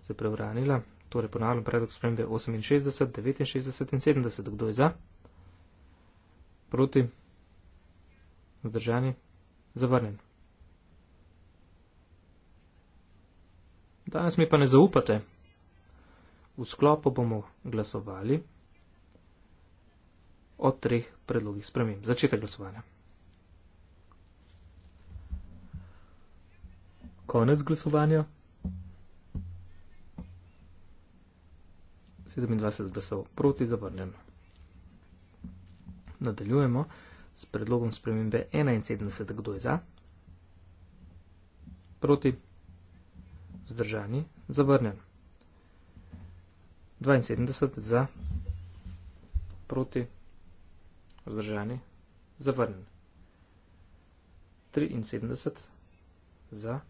se prevranila. Torej, ponavljam predlog spremembe 68, 69 in 70. Kdo je za? Proti? Vzdržani? Zavrnjen. Danes mi pa ne zaupate. V sklopu bomo glasovali o treh predlogih sprememb. Začetek glasovanja. Konec glasovanja. 27 glasov proti zavrnjeno. Nadaljujemo s predlogom spremembe 71. Kdo je za? Proti. Zdržani. Zavrnjen. 72 za. Proti vzdržani, zavrnjen. 73 za.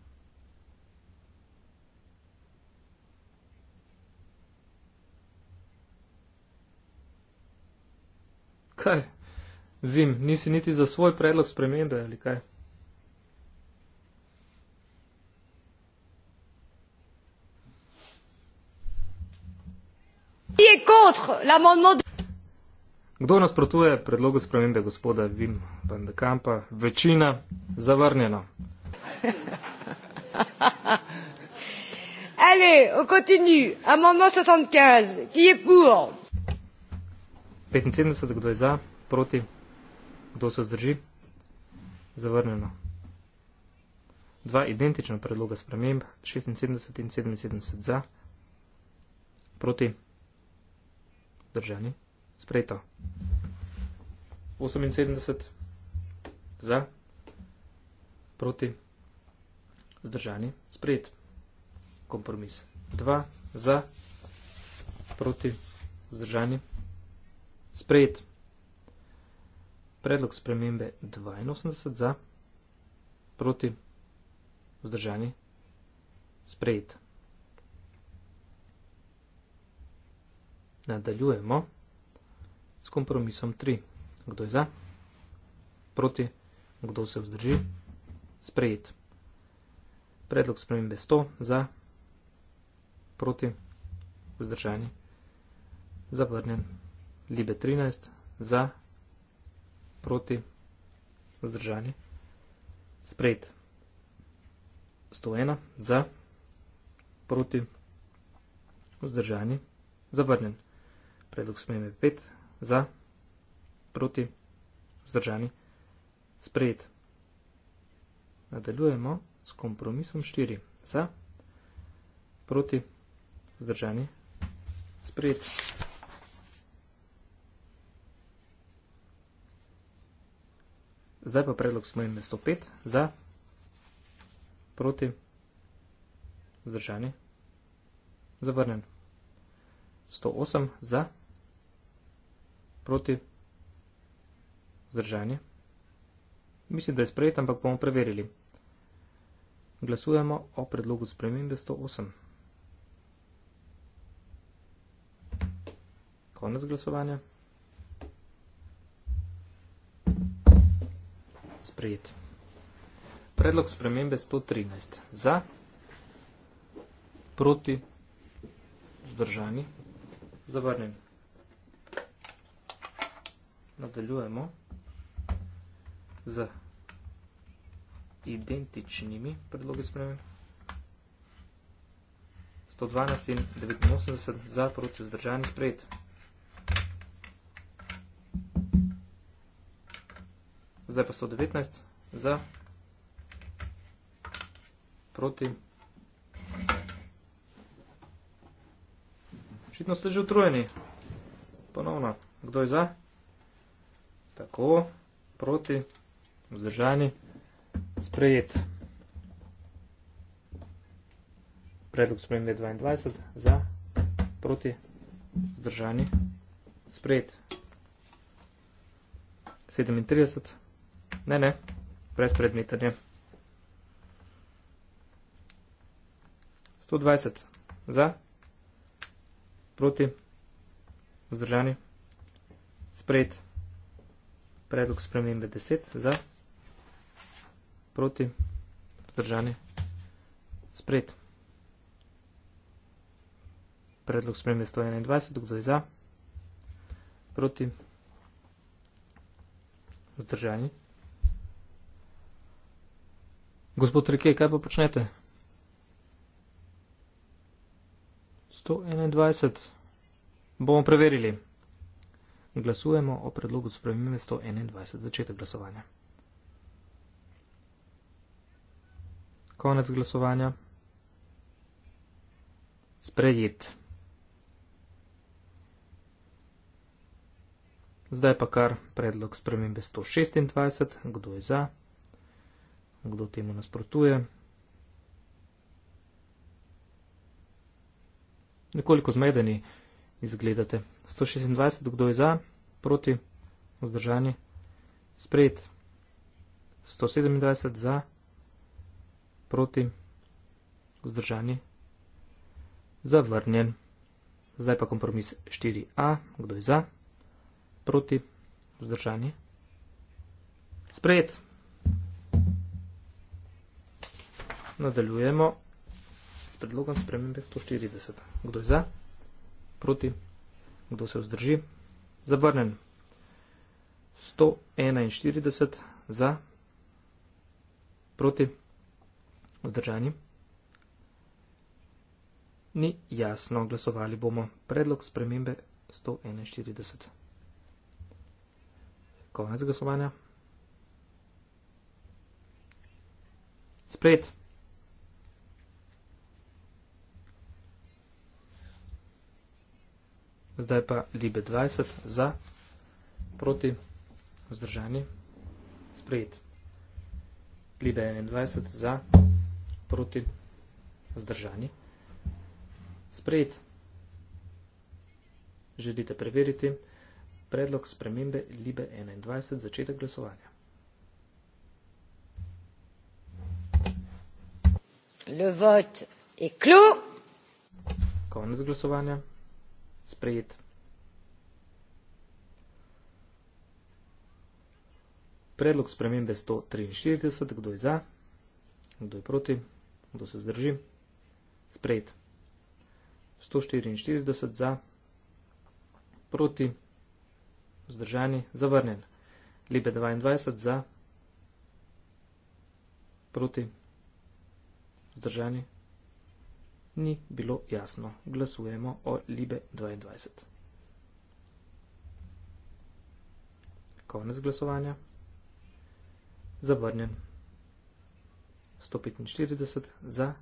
7. Vim, nisi niti za svoj predlog spremembe ali kaj. Je kontro l'amendement Kdo nasprotuje predlogu spremembe gospoda Vim van de Kampa? Večina zavrnjena. Ali, on continue. Amendment 75. Kdo je pour? 75, kdo je za, proti, kdo se zdrži? Zavrnjeno. Dva identična predloga sprememb, 76 in 77 za, proti, držani sprejeto. 78 za, proti, zdržani, sprejet, kompromis. 2 za, proti, zdržani, sprejet. Predlog spremembe 82 za, proti, vzdržani, sprejet. Nadaljujemo s kompromisom 3. Kdo je za? Proti? Kdo se vzdrži? Sprejet. Predlog spremembe 100 za, proti, vzdržani, zavrnjen. Libe 13 za, proti, vzdržani, sprejet. 101 za, proti, vzdržani, zavrnjen. Predlog spremembe 5 za, proti, vzdržani, sprejet. Nadaljujemo s kompromisom 4. Za, proti, vzdržani, sprejet. Zdaj pa predlog smo imeli 105. Za, proti, vzdržani, zavrnen. 108 za proti, zdržanje. Mislim, da je sprejet, ampak bomo preverili. Glasujemo o predlogu spremembe 108. Konec glasovanja. Sprejet. Predlog spremembe 113. Za, proti, zdržani, zavrnjen nadaljujemo z identičnimi predlogi spremem. 112 in 89 za proti vzdržajanje sprejeti. Zdaj pa 119 za proti. Očitno ste že utrojeni. Ponovno, kdo je za? tako, proti, vzdržani, sprejet. Predlog spremembe 22 za, proti, vzdržani, sprejet. 37, ne, ne, brez predmetanja. 120 za, proti, vzdržani, sprejet predlog spremembe 10 za, proti, vzdržani, spred. Predlog spremembe 121, kdo je za, proti, vzdržani. Gospod Rike, kaj pa počnete? 121. Bomo preverili glasujemo o predlogu spremembe 121 začetek glasovanja. Konec glasovanja. Sprejet. Zdaj pa kar predlog spremembe 126. Kdo je za? Kdo temu nasprotuje? Nekoliko zmedeni izgledate. 126, kdo je za, proti, vzdržani, sprejet. 127 za, proti, vzdržani, zavrnjen. Zdaj pa kompromis 4a, kdo je za, proti, vzdržani, sprejet. Nadaljujemo s predlogom spremembe 140. Kdo je za? proti, kdo se vzdrži, zavrnen. 141 za, proti, vzdržani. Ni jasno, glasovali bomo predlog spremembe 141. Konec glasovanja. Sprejet. Zdaj pa Libe 20 za, proti, vzdržani, sprejet. Libe 21 za, proti, vzdržani, sprejet. Želite preveriti predlog spremembe Libe 21 začetek glasovanja. Le vote est clos. Quand on a sprejet. Predlog spremembe 143, kdo je za, kdo je proti, kdo se zdrži, sprejet. 144 za, proti, zdržani, zavrnjen. Libe 22 za, proti, zdržani, ni bilo jasno. Glasujemo o Libe 22. Konec glasovanja. Zavrnjen. 145 za.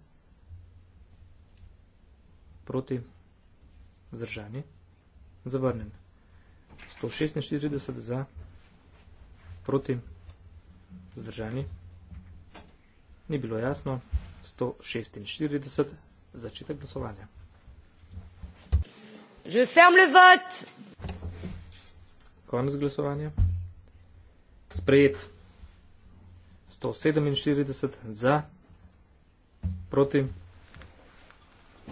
Proti. Zdržani. Zavrnjen. 146 za. Proti. Zdržani. Ni bilo jasno. 146 začetek glasovanja. Je ferme le vote. Konec glasovanja. Sprejet. 147 za, proti,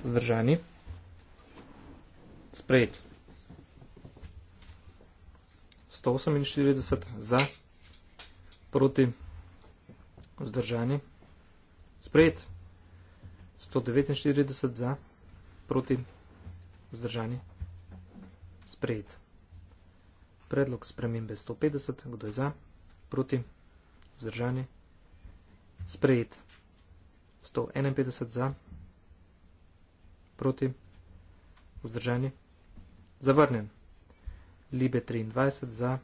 zdržani. Sprejet. 148 za, proti, zdržani. Sprejet. 149 za, proti, vzdržani, sprejet. Predlog spremembe 150, kdo je za, proti, vzdržani, sprejet. 151 za, proti, vzdržani, zavrnjen. Libe 23 za,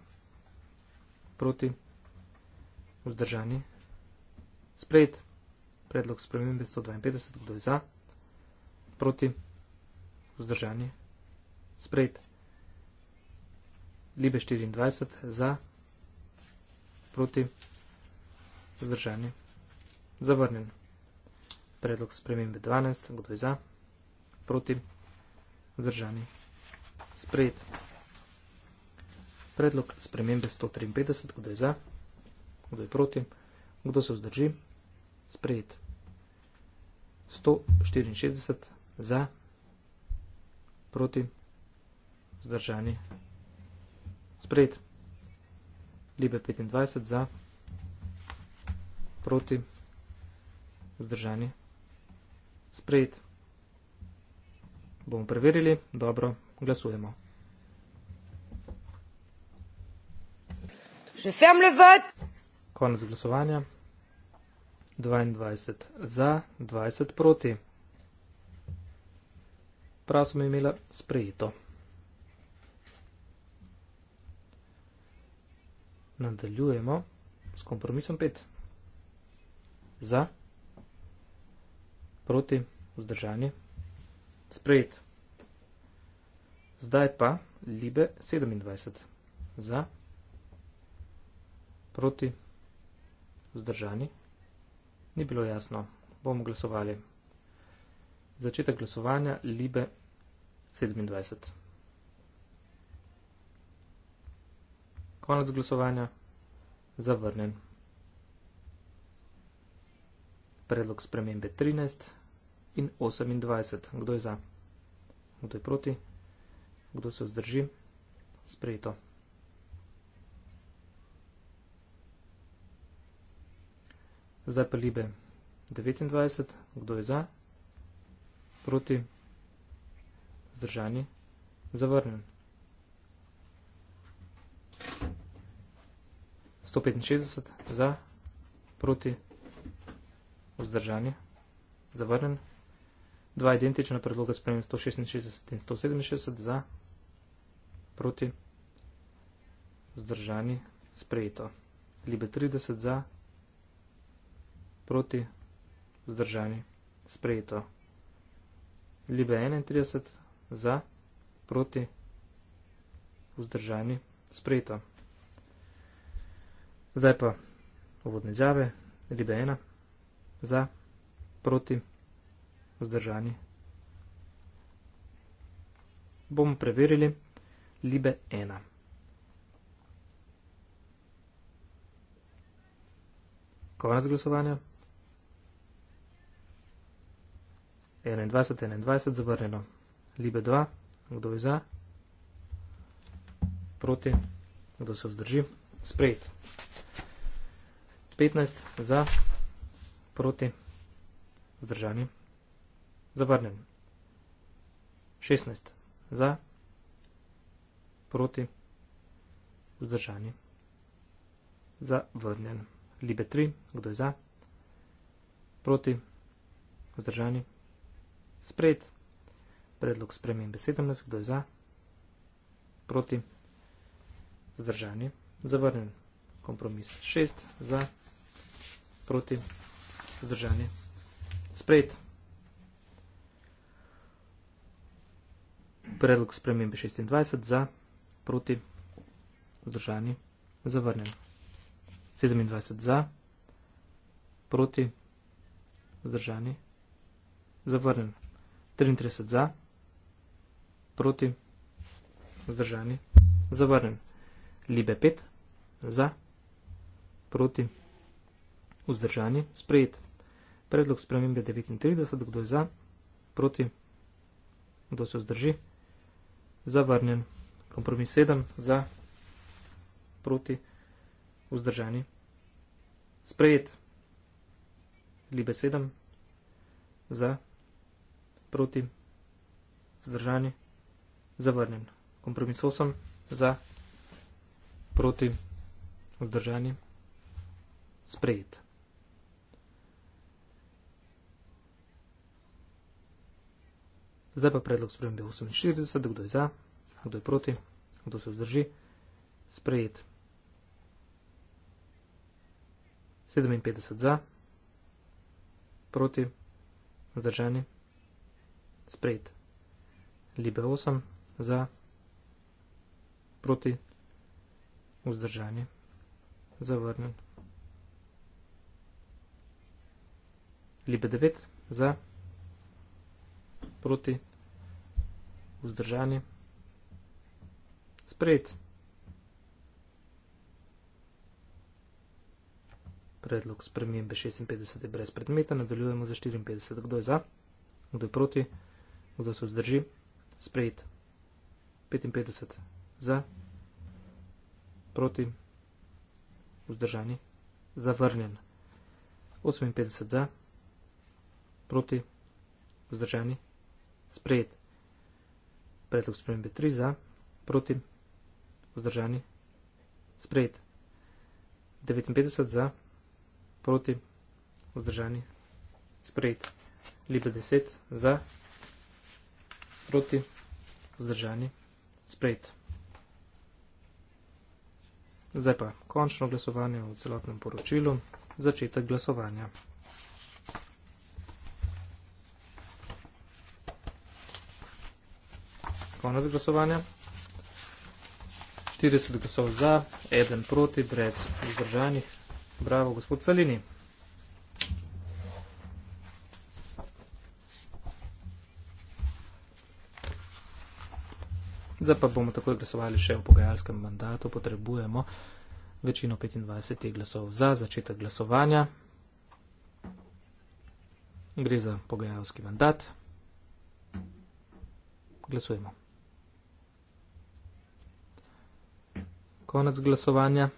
proti, vzdržani, sprejet. Predlog spremembe 152, kdo je za, proti, vzdržani, sprejet. Libe 24, za, proti, vzdržani, zavrnjen. Predlog spremembe 12, kdo je za, proti, vzdržani, sprejet. Predlog spremembe 153, kdo je za, kdo je proti, kdo se vzdrži, sprejet. 164 za, proti, zdržani, spred. Libe 25 za, proti, zdržani, spred. Bomo preverili, dobro, glasujemo. Konec glasovanja. 22 za, 20 proti. Prasom je imela sprejeto. Nadaljujemo s kompromisom 5. Za, proti, vzdržanje, sprejet. Zdaj pa Libe 27. Za, proti, vzdržanje, sprejet. Ni bilo jasno. Bomo glasovali. Začetek glasovanja Libe 27. Konec glasovanja. Zavrnen. Predlog spremembe 13 in 28. Kdo je za? Kdo je proti? Kdo se vzdrži? Sprejeto. Zdaj pa Libe 29, kdo je za, proti, zdržani, zavrnen. 165 za, proti, vzdržanje, zavrnen. Dva identična predloga spremem 166 in 167 za, proti, vzdržanje, sprejeto. Libe 30 za, proti, vzdržani, sprejeto. Libe 31, za, proti, vzdržani, sprejeto. Zdaj pa uvodne izjave, Libe 1, za, proti, vzdržani. Bomo preverili Libe 1. Konec glasovanja. 21, 21, zavrnjeno. Libe 2, kdo je za? Proti, kdo se vzdrži? Sprejet. 15 za, proti, zdržani, zavrnjen. 16 za, proti, zdržani, zavrnjen. Libe 3, kdo je za? Proti, zdržani, Sprejet. Predlog spremem besedem nas, kdo je za. Proti. Zdržani. Zavrnen. Kompromis. Šest. Za. Proti. Zdržani. Sprejet. Predlog spremem besedem 26. Za. Proti. Zdržani. Zavrnen. 27 za, proti, zdržani, zavrnen. 33 za, proti, vzdržani, zavrnjen. Libe 5 za, proti, vzdržani, sprejet. Predlog spremembe 39, kdo je za, proti, kdo se vzdrži, zavrnjen. Kompromis 7 za, proti, vzdržani, sprejet. Libe 7 za, proti, vzdržani proti, zdržani, zavrnjen. Kompromis 8, za, proti, vzdržani, sprejet. Zdaj pa predlog spremembe 48, kdo je za, kdo je proti, kdo se vzdrži, sprejet. 57 za, proti, vzdržani, sprejet sprejet. Libe 8 za proti vzdržanje. Zavrnjen. Libe 9 za proti vzdržanje. Sprejet. Predlog spremembe 56 je brez predmeta. Nadaljujemo za 54. Kdo je za? Kdo je proti? kdo da se vzdrži, sprejet. 55 za, proti, vzdržani, zavrnjen. 58 za, proti, vzdržani, sprejet. Predlog spremembe 3 za, proti, vzdržani, sprejet. 59 za, proti, vzdržani, sprejet. Libe 10 za, proti, vzdržani, sprejet. Zdaj pa končno glasovanje v celotnem poročilu, začetek glasovanja. Konec glasovanja. 40 glasov za, 1 proti, brez vzdržanih. Bravo, gospod Salini. Zdaj pa bomo takoj glasovali še o pogajalskem mandatu. Potrebujemo večino 25 glasov za začetek glasovanja. Gre za pogajalski mandat. Glasujemo. Konec glasovanja.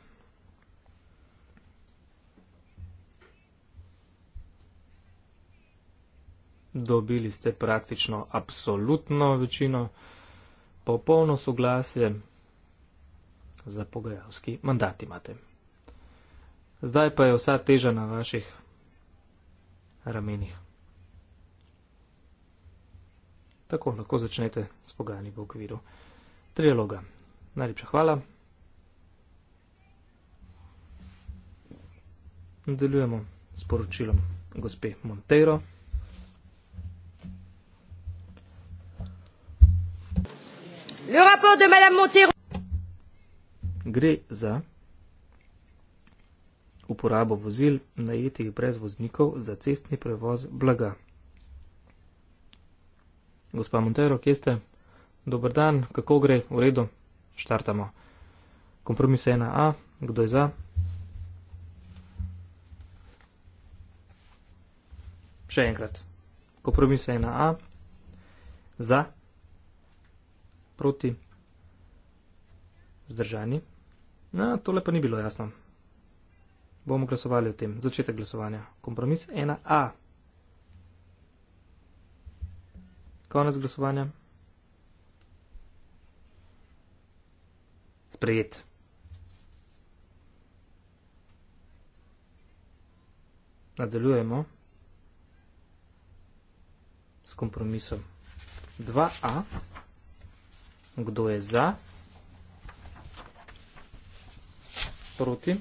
Dobili ste praktično absolutno večino popolno soglasje za pogajalski mandat imate. Zdaj pa je vsa teža na vaših ramenih. Tako lahko začnete s pogajanji v okviru trialoga. Najlepša hvala. Nadaljujemo s poročilom gospe Monteiro. Le rapport de Madame Montero. Gre za uporabo vozil najetih brez voznikov za cestni prevoz blaga. Gospa Montero, kje ste? Dober dan, kako gre? V redu, štartamo. Kompromis 1A, kdo je za? Še enkrat. Kompromis 1A, za proti zdržani. Na, tole pa ni bilo jasno. Bomo glasovali o tem. Začetek glasovanja. Kompromis 1A. Konec glasovanja. Sprejet. Nadaljujemo s kompromisom 2A kdo je za, proti,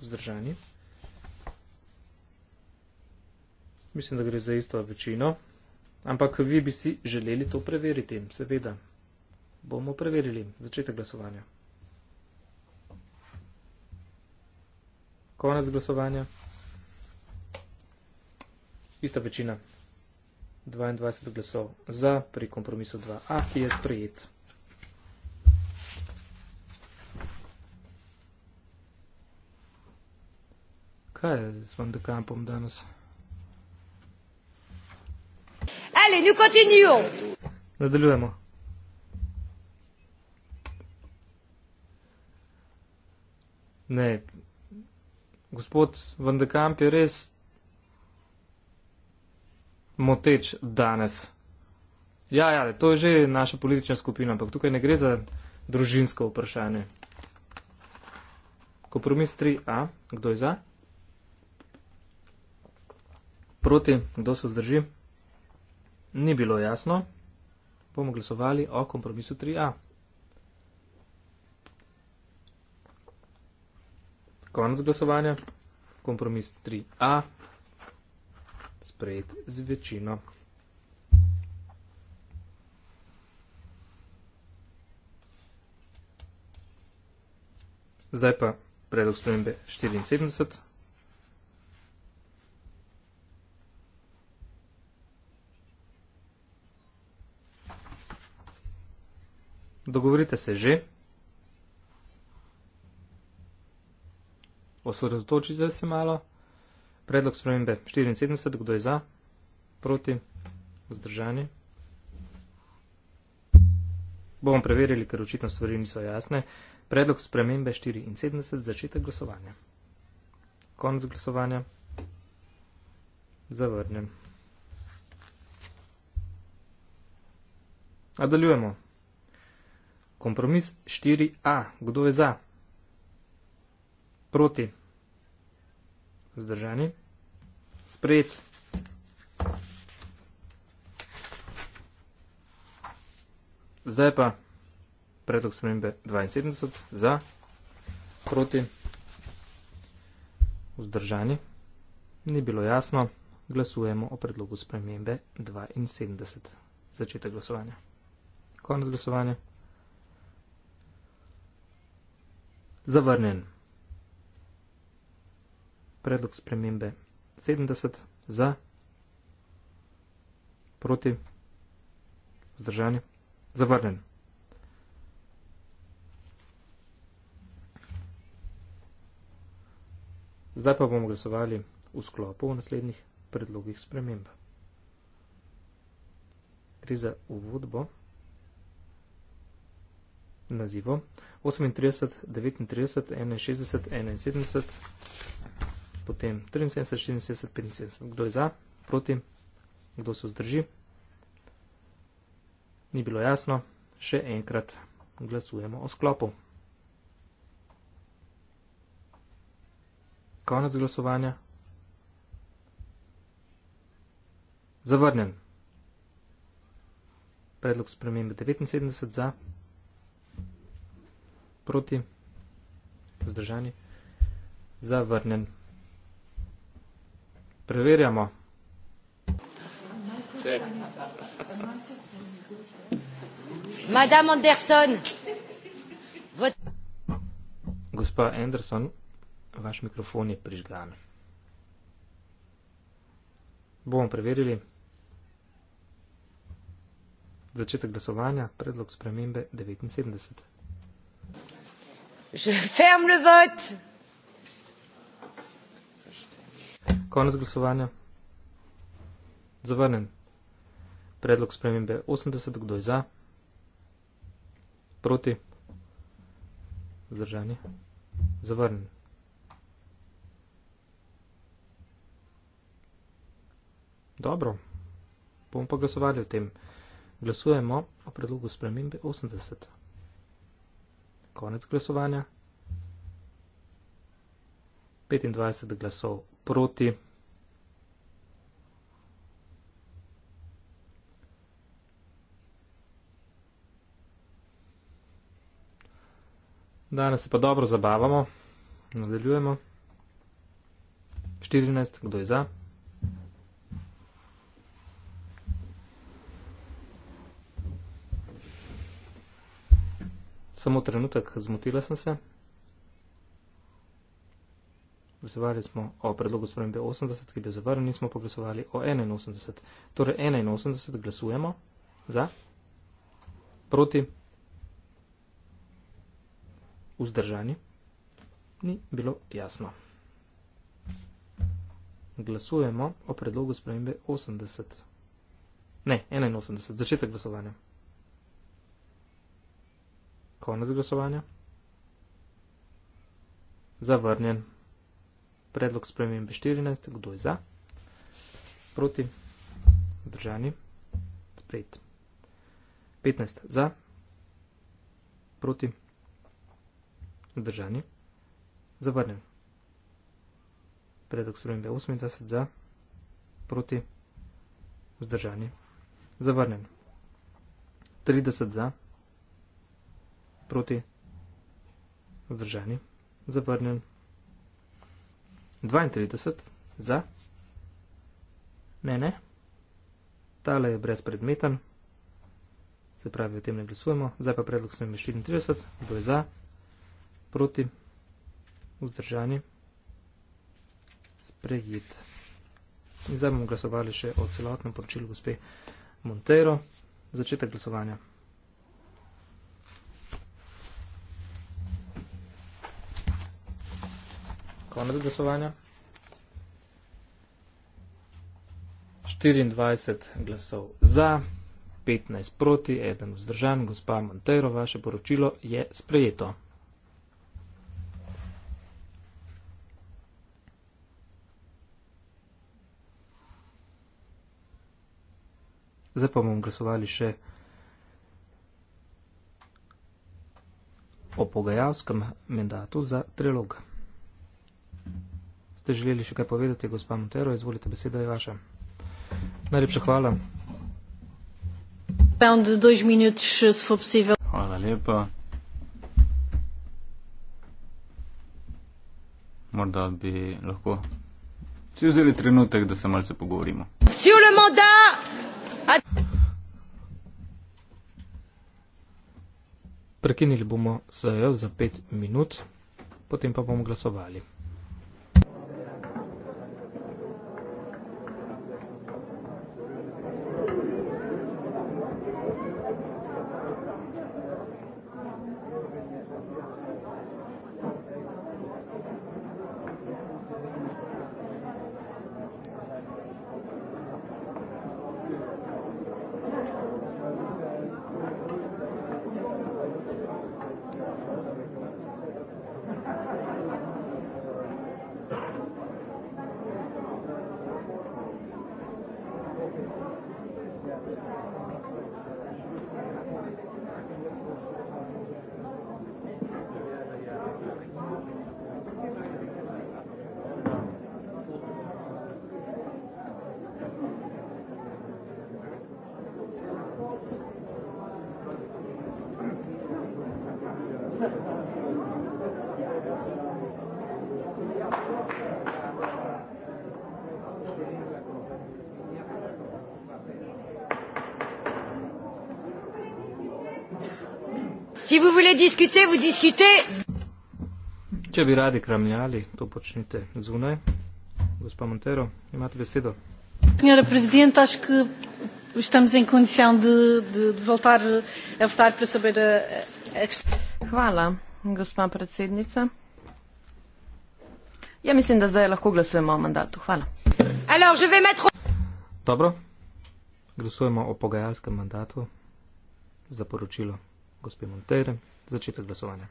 vzdržani. Mislim, da gre za isto večino, ampak vi bi si želeli to preveriti, seveda. Bomo preverili začetek glasovanja. Konec glasovanja. Ista večina. 22 glasov za pri kompromisu 2a, ki je sprejet. Kaj je z vandekampom danes? Ali, ne continue! Nadaljujemo. Ne, gospod vandekamp je res moteč danes. Ja, ja, to je že naša politična skupina, ampak tukaj ne gre za družinsko vprašanje. Kompromis 3a, kdo je za? Proti, kdo se vzdrži? Ni bilo jasno. Bomo glasovali o kompromisu 3a. Konec glasovanja. Kompromis 3a sprejet z večino. Zdaj pa predlog spremembe 74. Dogovorite se že. Osredotočite se malo. Predlog spremembe 74, kdo je za, proti, vzdržani. Bomo preverili, ker očitno stvari niso jasne. Predlog spremembe 74, začetek glasovanja. Konec glasovanja. Zavrnjem. Nadaljujemo. Kompromis 4a. Kdo je za? Proti. Vzdržani. Sprejet. Zdaj pa predlog spremembe 72 za, proti, vzdržani. Ni bilo jasno, glasujemo o predlogu spremembe 72. Začetek glasovanja. Konec glasovanja. Zavrnjen predlog spremembe 70 za, proti, vzdržanje, zavrnen. Zdaj pa bomo glasovali v sklopu v naslednjih predlogih sprememb. Gre za uvodbo nazivo 38, 39, 61, 71 potem 73, 74, 75. Kdo je za, proti, kdo se vzdrži? Ni bilo jasno. Še enkrat glasujemo o sklopu. Konec glasovanja. Zavrnjen. Predlog spremembe 79 za, proti, vzdržani, zavrnjen. Preverjamo. Madame Anderson. Gospa Anderson, vaš mikrofon je prižgan. Bomo preverili. Začetek glasovanja, predlog spremembe 79. Je ferm le vote. Konec glasovanja. Zavrnen. Predlog spremembe 80, kdo je za? Proti? Zdržani? Zavrnen. Dobro, bomo pa glasovali o tem. Glasujemo o predlogu spremembe 80. Konec glasovanja. 25 glasov proti. Danes se pa dobro zabavamo, nadaljujemo. 14, kdo je za? Samo trenutek, zmotila sem se. Glasovali smo o predlogu spremembe 80, ki bi zavrnili, smo pa glasovali o 81. Torej 81 glasujemo za, proti vzdržani, ni bilo jasno. Glasujemo o predlogu spremembe 80. Ne, 81. Začetek glasovanja. Konec glasovanja. Zavrnjen. Predlog spremembe 14. Kdo je za? Proti. Zdržani. Sprejet. 15. Za. Proti. Удържани. Завърнем. Предък срубен бе 8 10 за. Проти. Удържани. Завърнен. 30 за. Проти. Удържани. Завърнен. 2,30 за. Не, не. Тале е безпредметен. Се прави от им не гласуваме. За предлог сме мишлини 30. Бой за proti, vzdržani, sprejet. In zdaj bomo glasovali še o celotnem poročilu gospe Montero. Začetek glasovanja. Konec glasovanja. 24 glasov za, 15 proti, 1 vzdržan, gospa Montero, vaše poročilo je sprejeto. Zdaj pa bomo glasovali še o pogajalskem mandatu za trilog. Ste želeli še kaj povedati, gospa Montero? Izvolite, beseda je vaša. Najlepša hvala. Hvala lepa. Morda bi lahko. Si vzeli trenutek, da se malce pogovorimo. Vsi vemo, da. Prekinili bomo sejo za pet minut, potem pa bomo glasovali. voulez discuter, vous discutez. Če bi radi kramljali, to počnite zunaj. Gospa Montero, imate besedo. Senjora prezident, acho que estamos em condição de, de, de voltar a votar para saber a, a... Hvala, gospa predsednica. Ja mislim, da zdaj lahko glasujemo o mandatu. Hvala. Alors, je vais mettre... Dobro, glasujemo o pogajalskem mandatu za poročilo gospe Montero začetek glasovanja.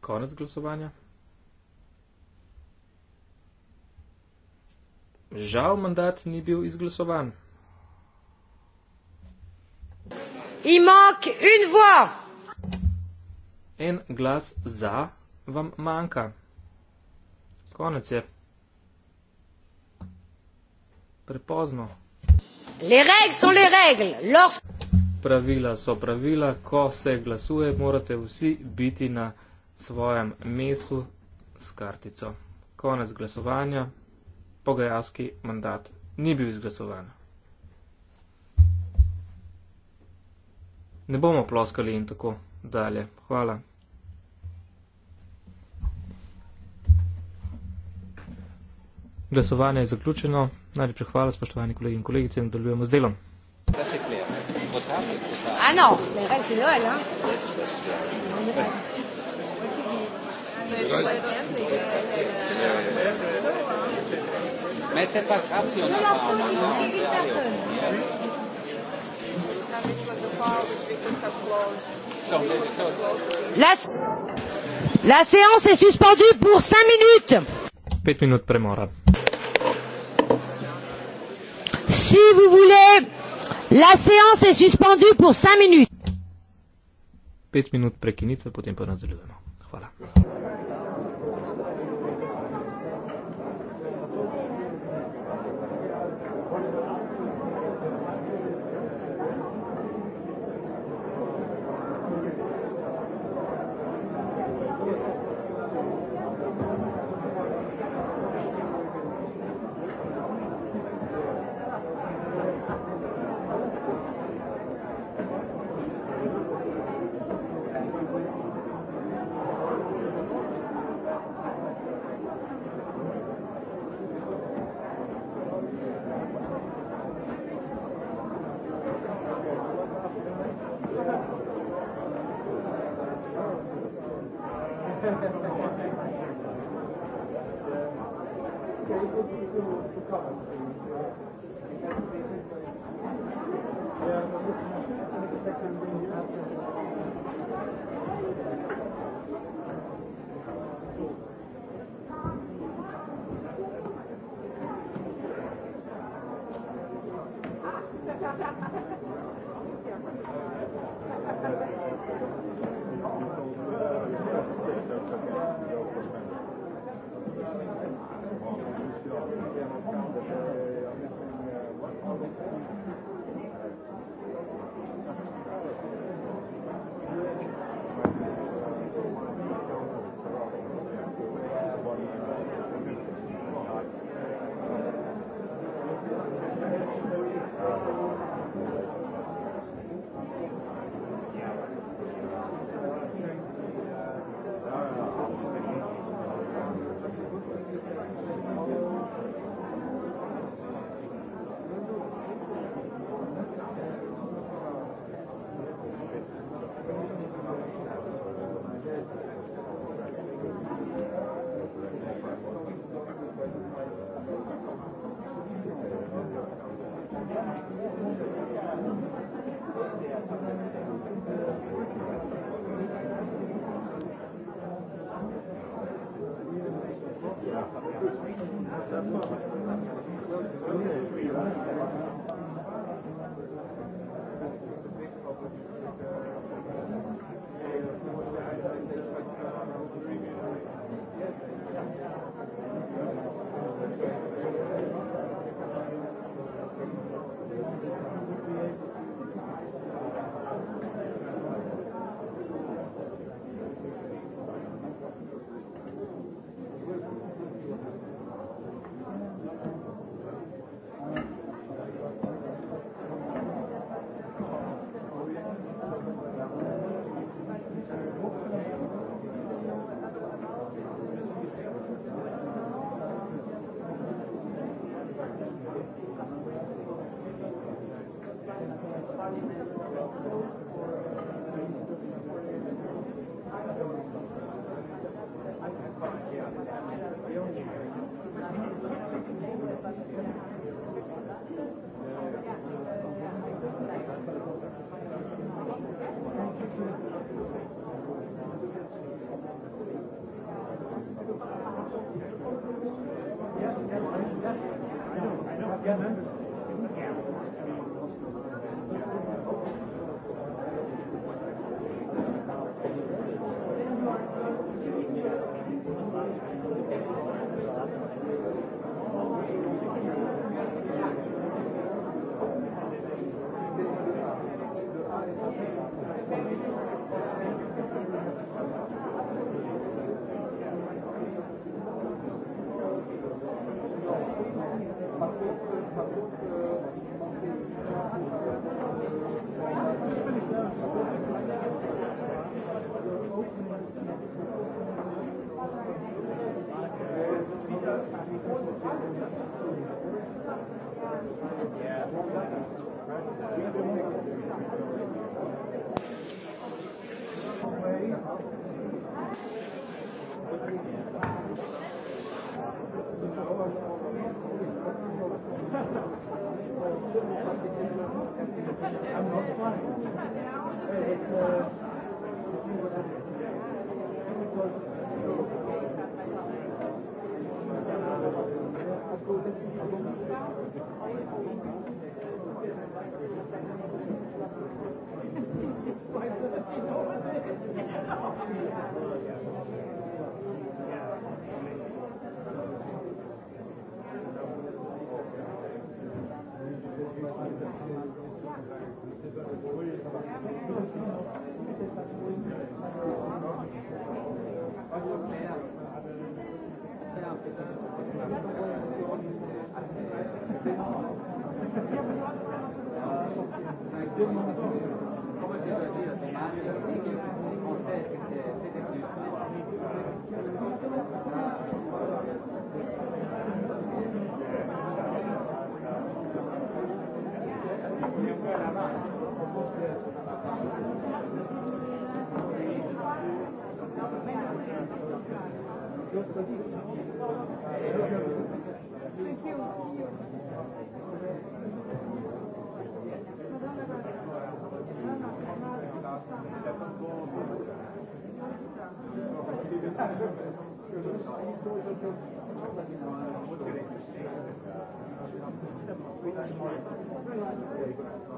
Konec glasovanja. Žal mandat ni bil izglasovan. En glas za vam manjka. Konec je prepozno. Pravila so pravila, ko se glasuje, morate vsi biti na svojem mestu s kartico. Konec glasovanja, pogajalski mandat ni bil izglasovan. Ne bomo ploskali in tako dalje. Hvala. Glasovanje je zaključeno. Najlepša hvala, spoštovani kolegi in kolegice, nadaljujemo z delom. Ah, no. La, la séance est suspendue pour 5 minutes. 5 minutes premora si vous voulez, la séance est suspendue pour 5 minutes. 5 minutes prekinitve, potem pa nadaljujemo. Hvala. Thank you.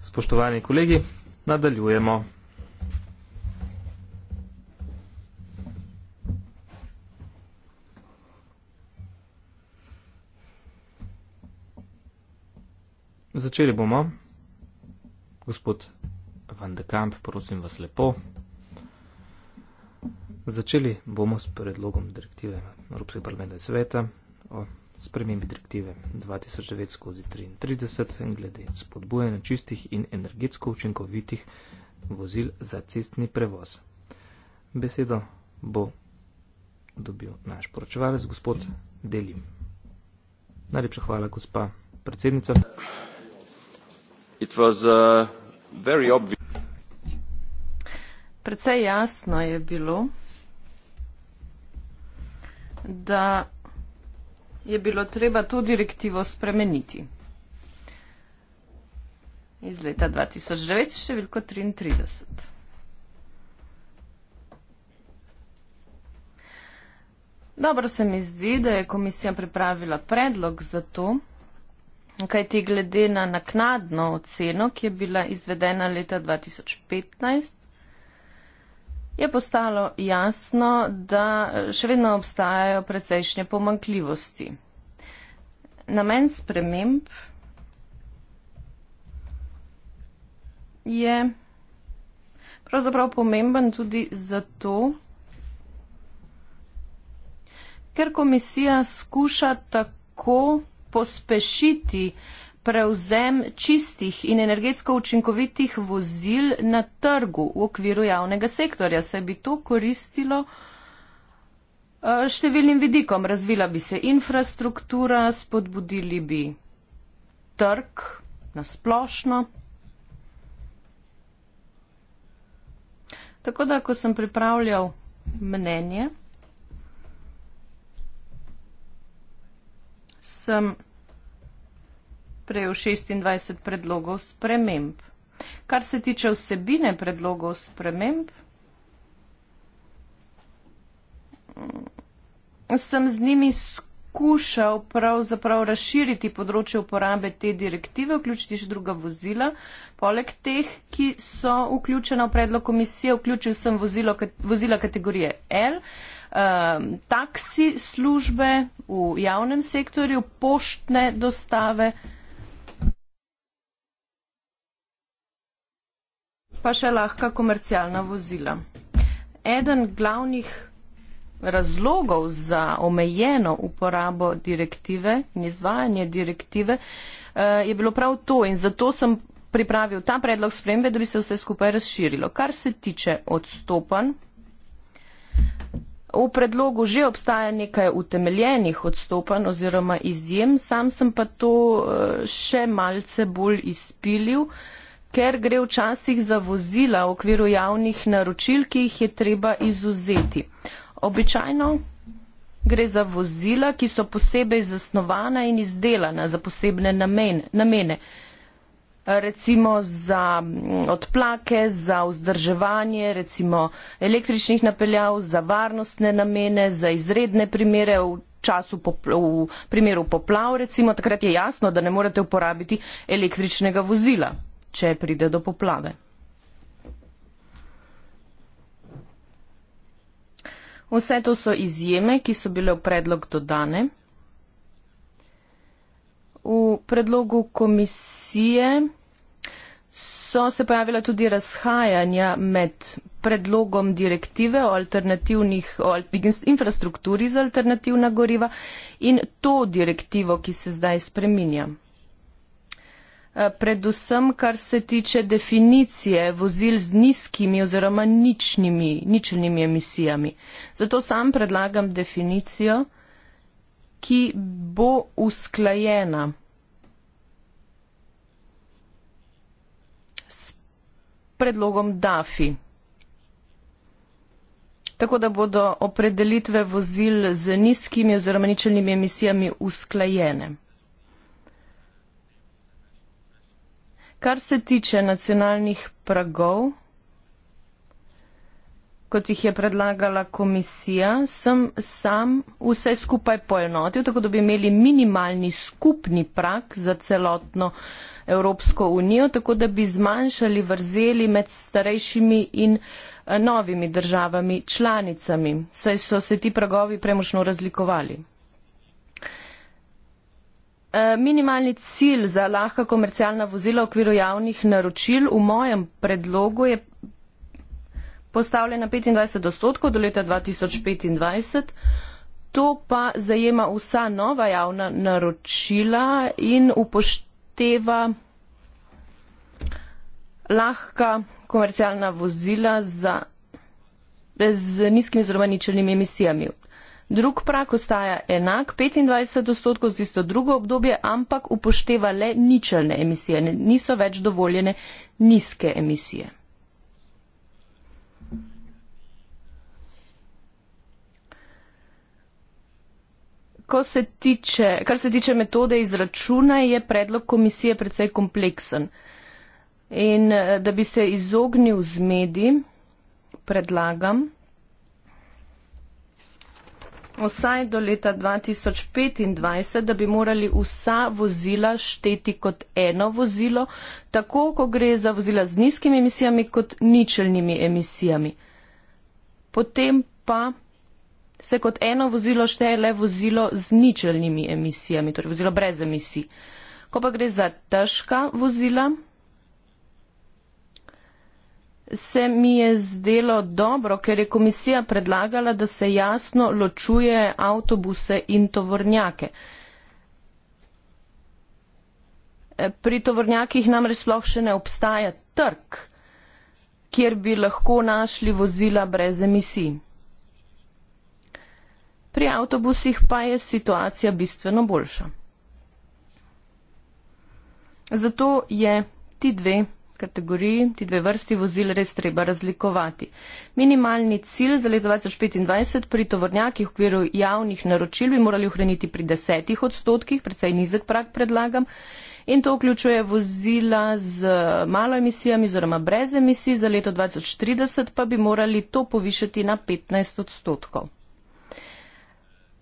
Spoštovani kolegi, nadaljujemo. Začeli bomo. Gospod Van de Kamp, prosim vas lepo. Začeli bomo s predlogom direktive Evropskega parlamenta in sveta o sprememb direktive 2009 skozi 33 glede spodbujanja čistih in energetsko učinkovitih vozil za cestni prevoz. Besedo bo dobil naš poročevalec, gospod Delim. Najlepša hvala, gospa predsednica. Uh, Predvsej jasno je bilo, da je bilo treba to direktivo spremeniti. Iz leta 2009 številko 33. Dobro se mi zdi, da je komisija pripravila predlog za to, kaj ti glede na naknadno oceno, ki je bila izvedena leta 2015, je postalo jasno, da še vedno obstajajo precejšnje pomankljivosti. Namen sprememb je pravzaprav pomemben tudi zato, ker komisija skuša tako pospešiti prevzem čistih in energetsko učinkovitih vozil na trgu v okviru javnega sektorja. Se bi to koristilo eh, številnim vidikom. Razvila bi se infrastruktura, spodbudili bi trg na splošno. Tako da, ko sem pripravljal mnenje, sem prejel 26 predlogov sprememb. Kar se tiče vsebine predlogov sprememb, sem z njimi skušal pravzaprav razširiti področje uporabe te direktive, vključiti še druga vozila. Poleg teh, ki so vključena v predlog komisije, vključil sem vozilo, vozila kategorije L, ehm, taksi službe v javnem sektorju, poštne dostave, pa še lahka komercialna vozila. Eden glavnih razlogov za omejeno uporabo direktive in izvajanje direktive eh, je bilo prav to in zato sem pripravil ta predlog spremembe, da bi se vse skupaj razširilo. Kar se tiče odstopanj, v predlogu že obstaja nekaj utemeljenih odstopanj oziroma izjem, sam sem pa to eh, še malce bolj izpilil. Uh, ker gre včasih za vozila v okviru javnih naročil, ki jih je treba izuzeti. Običajno gre za vozila, ki so posebej zasnovana in izdelana za posebne namene. Recimo za mm, odplake, za vzdrževanje, recimo električnih napeljav, za varnostne namene, za izredne primere v, času poplav, v primeru poplav, recimo takrat je jasno, da ne morete uporabiti električnega vozila če pride do poplave. Vse to so izjeme, ki so bile v predlog dodane. V predlogu komisije so se pojavila tudi razhajanja med predlogom direktive o, o infrastrukturi za alternativna goriva in to direktivo, ki se zdaj spreminja. Eh, predvsem kar se tiče definicije vozil z nizkimi oziroma ničnimi, ničnimi emisijami. Zato sam predlagam definicijo, ki bo usklajena s predlogom DAFI. Tako da bodo opredelitve vozil z nizkimi oziroma ničelnimi emisijami usklajene. kar se tiče nacionalnih pragov, kot jih je predlagala komisija, sem sam vse skupaj poenotil, tako da bi imeli minimalni skupni prak za celotno Evropsko unijo, tako da bi zmanjšali vrzeli med starejšimi in eh, novimi državami članicami, saj so se ti pragovi premočno razlikovali. Eh, minimalni cilj za lahka komercialna vozila v okviru javnih naročil v mojem predlogu je postavljen na 25 odstotkov do leta 2025. To pa zajema vsa nova javna naročila in upošteva lahka komercialna vozila za, z nizkimi zelo ničelnimi emisijami. Drug prak ostaja enak, 25 odstotkov z isto drugo obdobje, ampak upošteva le ničelne emisije, niso več dovoljene nizke emisije. Se tiče, kar se tiče metode izračuna, je predlog komisije precej kompleksen. In eh, da bi se izognil zmedi, predlagam, vsaj do leta 2025, da bi morali vsa vozila šteti kot eno vozilo, tako ko gre za vozila z nizkimi emisijami kot ničelnimi emisijami. Potem pa se kot eno vozilo šteje le vozilo z ničelnimi emisijami, torej vozilo brez emisij. Ko pa gre za težka vozila, se mi je zdelo dobro, ker je komisija predlagala, da se jasno ločuje avtobuse in tovornjake. Pri tovornjakih namreč sploh še ne obstaja trg, kjer bi lahko našli vozila brez emisij. Pri avtobusih pa je situacija bistveno boljša. Zato je ti dve kategoriji, ti dve vrsti vozil res treba razlikovati. Minimalni cilj za leto 2025 pri tovornjakih v okviru javnih naročil bi morali ohraniti pri desetih odstotkih, predvsej nizek prak predlagam, in to vključuje vozila z malo emisijami oziroma brez emisij, za leto 2030 pa bi morali to povišati na 15 odstotkov.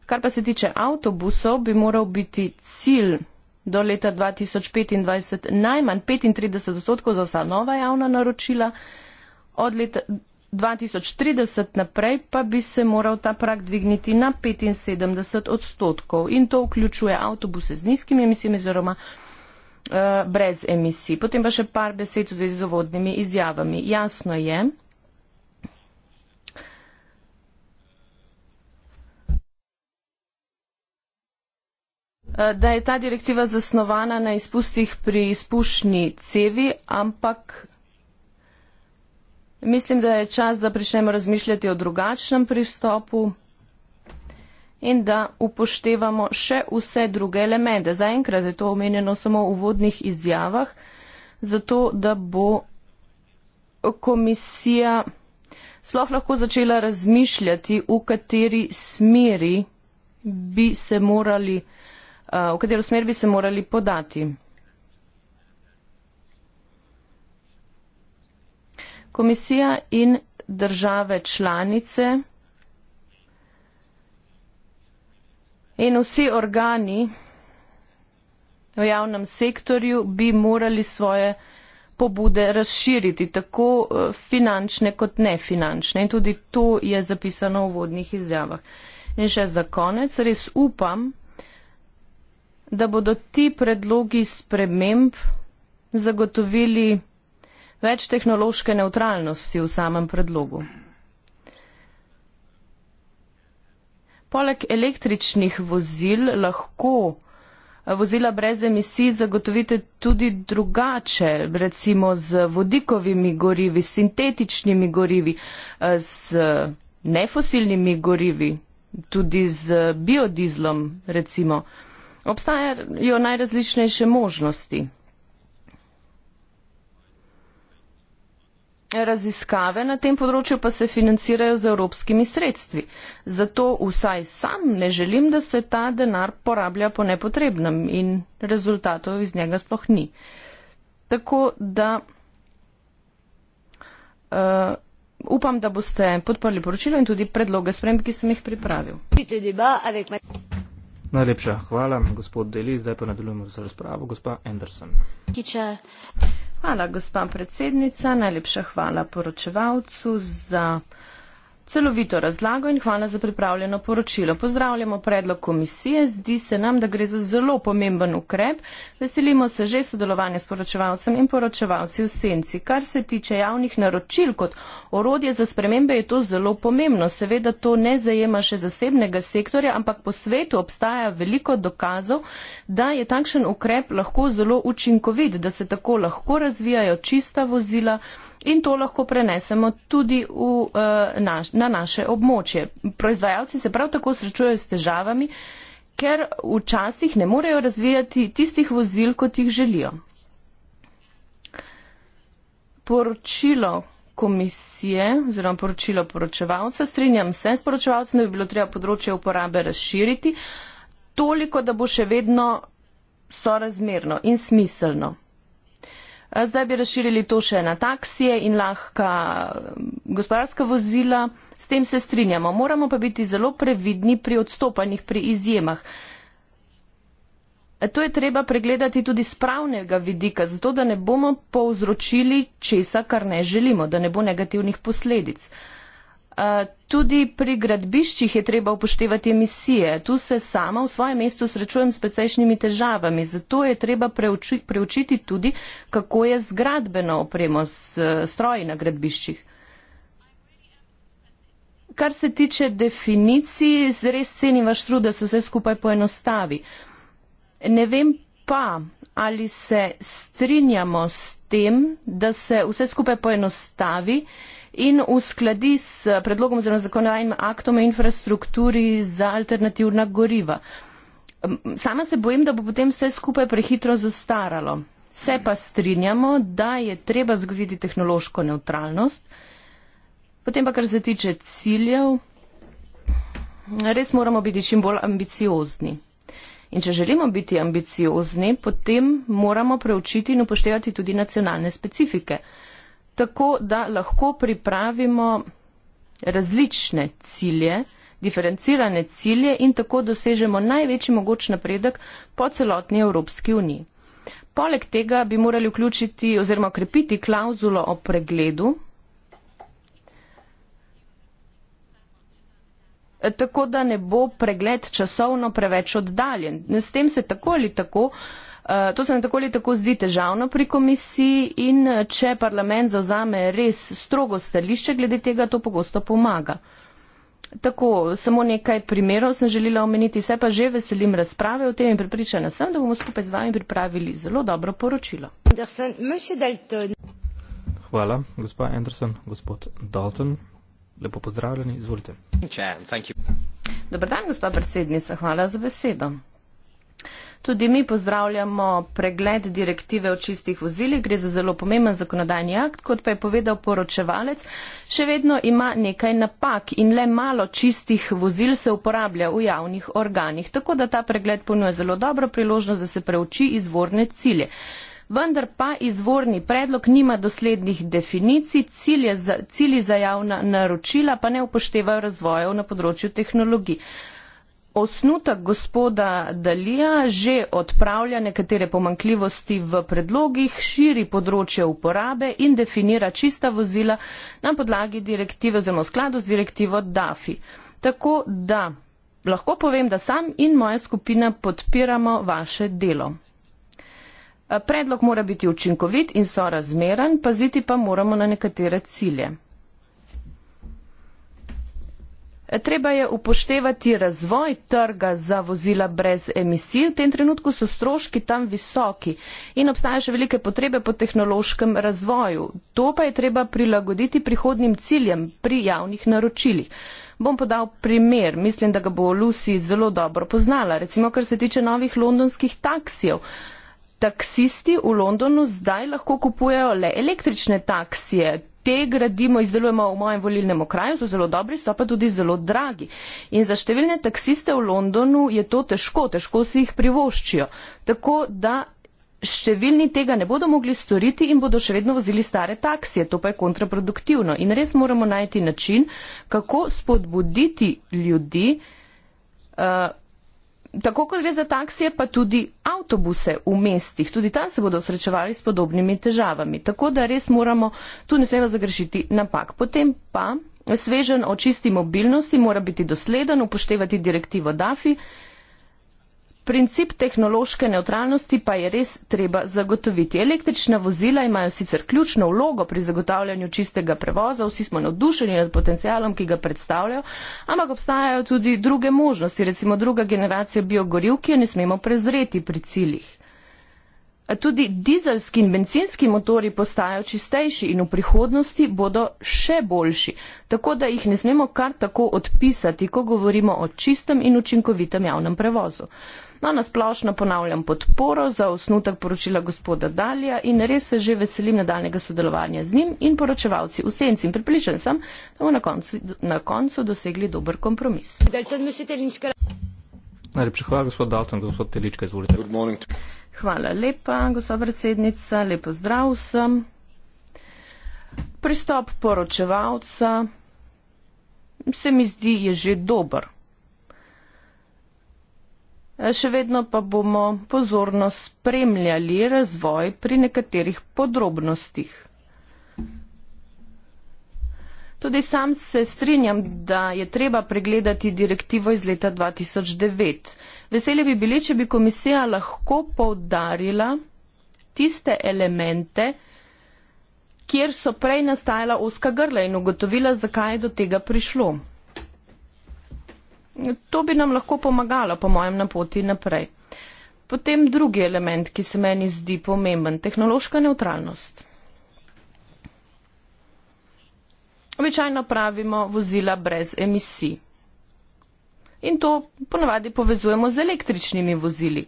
Kar pa se tiče avtobusov, bi moral biti cilj do leta 2025 najmanj 35 odstotkov za vsa nova javna naročila, od leta 2030 naprej pa bi se moral ta prak dvigniti na 75 odstotkov in to vključuje avtobuse z nizkimi emisijami oziroma eh, brez emisij. Potem pa še par besed v zvezi z uvodnimi izjavami. Jasno je, Eh, da je ta direktiva zasnovana na izpustih pri izpušni cevi, ampak mislim, da je čas, da prišemo razmišljati o drugačnem pristopu in da upoštevamo še vse druge elemente. Zaenkrat je to omenjeno samo v uvodnih izjavah, zato da bo komisija sploh lahko začela razmišljati, v kateri smeri bi se morali. Eh, v katero smer bi se morali podati. Komisija in države članice in vsi organi v javnem sektorju bi morali svoje pobude razširiti, tako eh, finančne kot nefinančne. In tudi to je zapisano v vodnih izjavah. In še za konec, res upam, da bodo ti predlogi sprememb zagotovili več tehnološke neutralnosti v samem predlogu. Poleg električnih vozil lahko eh, vozila brez emisij zagotovite tudi drugače, recimo z vodikovimi gorivi, s sintetičnimi gorivi, eh, s nefosilnimi gorivi, tudi z biodizlom, recimo. Obstajajo najrazličnejše možnosti. Raziskave na tem področju pa se financirajo z evropskimi sredstvi. Zato vsaj sam ne želim, da se ta denar porablja po nepotrebnem in rezultatov iz njega sploh ni. Tako da uh, upam, da boste podprli poročilo in tudi predloge sprem, ki sem jih pripravil. Pite, deba, avek, ma... Najlepša hvala, gospod Deli. Zdaj pa nadaljujemo z razpravo, gospa Anderson. Hvala, gospa predsednica. Najlepša hvala poročevalcu za celovito razlago in hvala za pripravljeno poročilo. Pozdravljamo predlog komisije. Zdi se nam, da gre za zelo pomemben ukrep. Veselimo se že sodelovanja s poročevalcem in poročevalci v senci. Kar se tiče javnih naročil kot orodje za spremembe, je to zelo pomembno. Seveda to ne zajema še zasebnega sektorja, ampak po svetu obstaja veliko dokazov, da je takšen ukrep lahko zelo učinkovit, da se tako lahko razvijajo čista vozila in to lahko prenesemo tudi v, eh, naš, na naše območje. Proizvajalci se prav tako srečujejo s težavami, ker včasih ne morejo razvijati tistih vozil, kot jih želijo. Poročilo komisije oziroma poročilo poročevalca, strinjam se s poročevalcem, da bi bilo treba področje uporabe razširiti toliko, da bo še vedno sorazmerno in smiselno zdaj bi razširili to še na taksije in lahka gospodarska vozila. S tem se strinjamo. Moramo pa biti zelo previdni pri odstopanjih, pri izjemah. To je treba pregledati tudi z pravnega vidika, zato da ne bomo povzročili česa, kar ne želimo, da ne bo negativnih posledic. Uh, Eh, tudi pri gradbiščih je treba upoštevati emisije. Tu se sama v svojem mestu srečujem s precejšnjimi težavami. Zato je treba preuči, preučiti tudi, kako je z gradbeno opremo, s eh, stroji na gradbiščih. Kar se tiče definiciji, res cenim vaš trud, da se vse skupaj poenostavi. Ne vem pa, ali se strinjamo s tem, da se vse skupaj poenostavi, in uskladi s predlogom oziroma zakonodajnim aktom o infrastrukturi za alternativna goriva. Sama se bojim, da bo potem vse skupaj prehitro zastaralo. Se pa strinjamo, da je treba zgoditi tehnološko neutralnost. Potem pa kar se tiče ciljev, res moramo biti čim bolj ambiciozni. In če želimo biti ambiciozni, potem moramo preučiti in upoštevati tudi nacionalne specifike tako, da lahko pripravimo različne cilje, diferencirane cilje in tako dosežemo največji mogoč napredek po celotni Evropski uniji. Poleg tega bi morali vključiti oziroma krepiti klauzulo o pregledu, tako da ne bo pregled časovno preveč oddaljen. S tem se tako ali tako uh, Eh, to se mi tako ali tako zdi težavno pri komisiji in eh, če parlament zauzame res strogo stališče glede tega, to pogosto pomaga. Tako, samo nekaj primerov sem želela omeniti, se pa že veselim razprave o tem in pripričana sem, da bomo skupaj z vami pripravili zelo dobro poročilo. Hvala, gospa Anderson, gospod Dalton. Lepo pozdravljeni, izvolite. Dobar dan, gospa predsednica, hvala za besedo. Tudi mi pozdravljamo pregled direktive o čistih vozilih, gre za zelo pomemben zakonodajni akt, kot pa je povedal poročevalec, še vedno ima nekaj napak in le malo čistih vozil se uporablja v javnih organih. Tako da ta pregled ponuje zelo dobro priložnost, da se preuči izvorne cilje. Vendar pa izvorni predlog nima doslednih definicij, cilji za, cilj za javna naročila pa ne upoštevajo razvojev na področju tehnologij osnutek gospoda Dalija že odpravlja nekatere pomankljivosti v predlogih, širi področje uporabe in definira čista vozila na podlagi direktive oziroma v skladu z direktivo DAFI. Tako da lahko povem, da sam in moja skupina podpiramo vaše delo. Predlog mora biti učinkovit in sorazmeren, paziti pa moramo na nekatere cilje. Treba je upoštevati razvoj trga za vozila brez emisij. V tem trenutku so stroški tam visoki in obstaja še velike potrebe po tehnološkem razvoju. To pa je treba prilagoditi prihodnim ciljem pri javnih naročilih. Bom podal primer, mislim, da ga bo Lucy zelo dobro poznala, recimo kar se tiče novih londonskih taksijev. Taksisti v Londonu zdaj lahko kupujejo le električne taksije, te gradimo, izdelujemo v mojem volilnem okraju, so zelo dobri, so pa tudi zelo dragi. In za številne taksiste v Londonu je to težko, težko si jih privoščijo. Tako da številni tega ne bodo mogli storiti in bodo še vedno vozili stare taksije, to pa je kontraproduktivno. In res moramo najti način, kako spodbuditi ljudi. Uh, tako kot gre za taksije, pa tudi avtobuse v mestih, tudi tam se bodo srečevali s podobnimi težavami. Tako da res moramo, tu ne smemo zagrešiti napak. Potem pa svežen očisti mobilnosti mora biti dosleden, upoštevati direktivo DAFI, Princip tehnološke neutralnosti pa je res treba zagotoviti. Električna vozila imajo sicer ključno vlogo pri zagotavljanju čistega prevoza, vsi smo navdušeni nad potencialom, ki ga predstavljajo, ampak obstajajo tudi druge možnosti, recimo druga generacija biogoriv, ki jo ne smemo prezreti pri ciljih. Tudi dizelski in benzinski motori postajajo čistejši in v prihodnosti bodo še boljši, tako da jih ne smemo kar tako odpisati, ko govorimo o čistem in učinkovitem javnem prevozu. No, nasplošno ponavljam podporo za osnutek poročila gospoda Dalija in res se že veselim nadaljnega sodelovanja z njim in poročevalci v senci. In pripričan sem, da bomo na koncu, na koncu dosegli dober kompromis. Najlepša hvala, gospod Dalton, gospod Telička, izvolite. Hvala lepa, gospod predsednica, lepo zdrav sem. Pristop poročevalca se mi zdi je že dober. Še vedno pa bomo pozorno spremljali razvoj pri nekaterih podrobnostih. Tudi sam se strinjam, da je treba pregledati direktivo iz leta 2009. Veseli bi bili, če bi komisija lahko poudarila tiste elemente, kjer so prej nastajala oska grla in ugotovila, zakaj je do tega prišlo. To bi nam lahko pomagalo po mojem na poti naprej. Potem drugi element, ki se meni zdi pomemben, tehnološka neutralnost. Običajno pravimo vozila brez emisij. In to ponavadi povezujemo z električnimi vozili.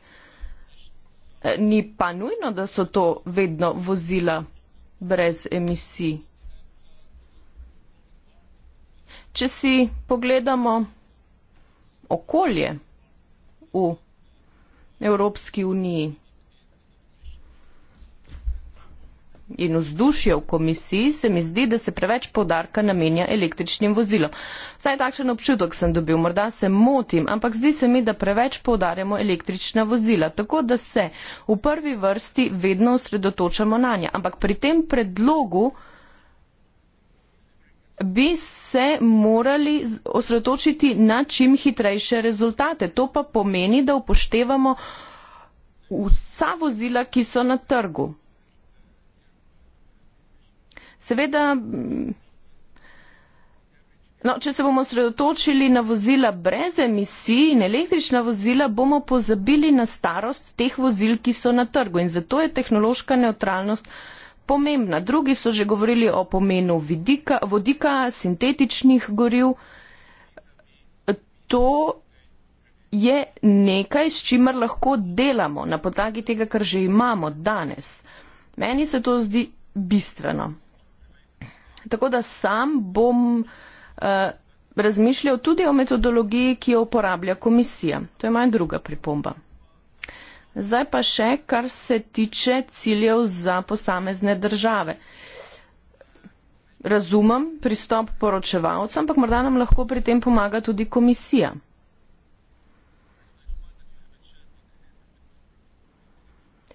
E, ni pa nujno, da so to vedno vozila brez emisij. Če si pogledamo okolje v Evropski uniji in vzdušje v komisiji, se mi zdi, da se preveč podarka namenja električnim vozilom. Vsaj takšen občutek sem dobil, morda se motim, ampak zdi se mi, da preveč podarjamo električna vozila, tako da se v prvi vrsti vedno osredotočamo na nje. Ampak pri tem predlogu bi se morali osredotočiti na čim hitrejše rezultate. To pa pomeni, da upoštevamo vsa vozila, ki so na trgu. Seveda, mm, no, če se bomo osredotočili na vozila brez emisij in električna vozila, bomo pozabili na starost teh vozil, ki so na trgu. In zato je tehnološka neutralnost pomembna. Drugi so že govorili o pomenu vidika, vodika, sintetičnih goriv. To je nekaj, s čimer lahko delamo na podlagi tega, kar že imamo danes. Meni se to zdi bistveno. Tako da sam bom uh, razmišljal tudi o metodologiji, ki jo uporablja komisija. To je moja druga pripomba. Zdaj pa še, kar se tiče ciljev za posamezne države. Razumem pristop poročevalcem, ampak morda nam lahko pri tem pomaga tudi komisija.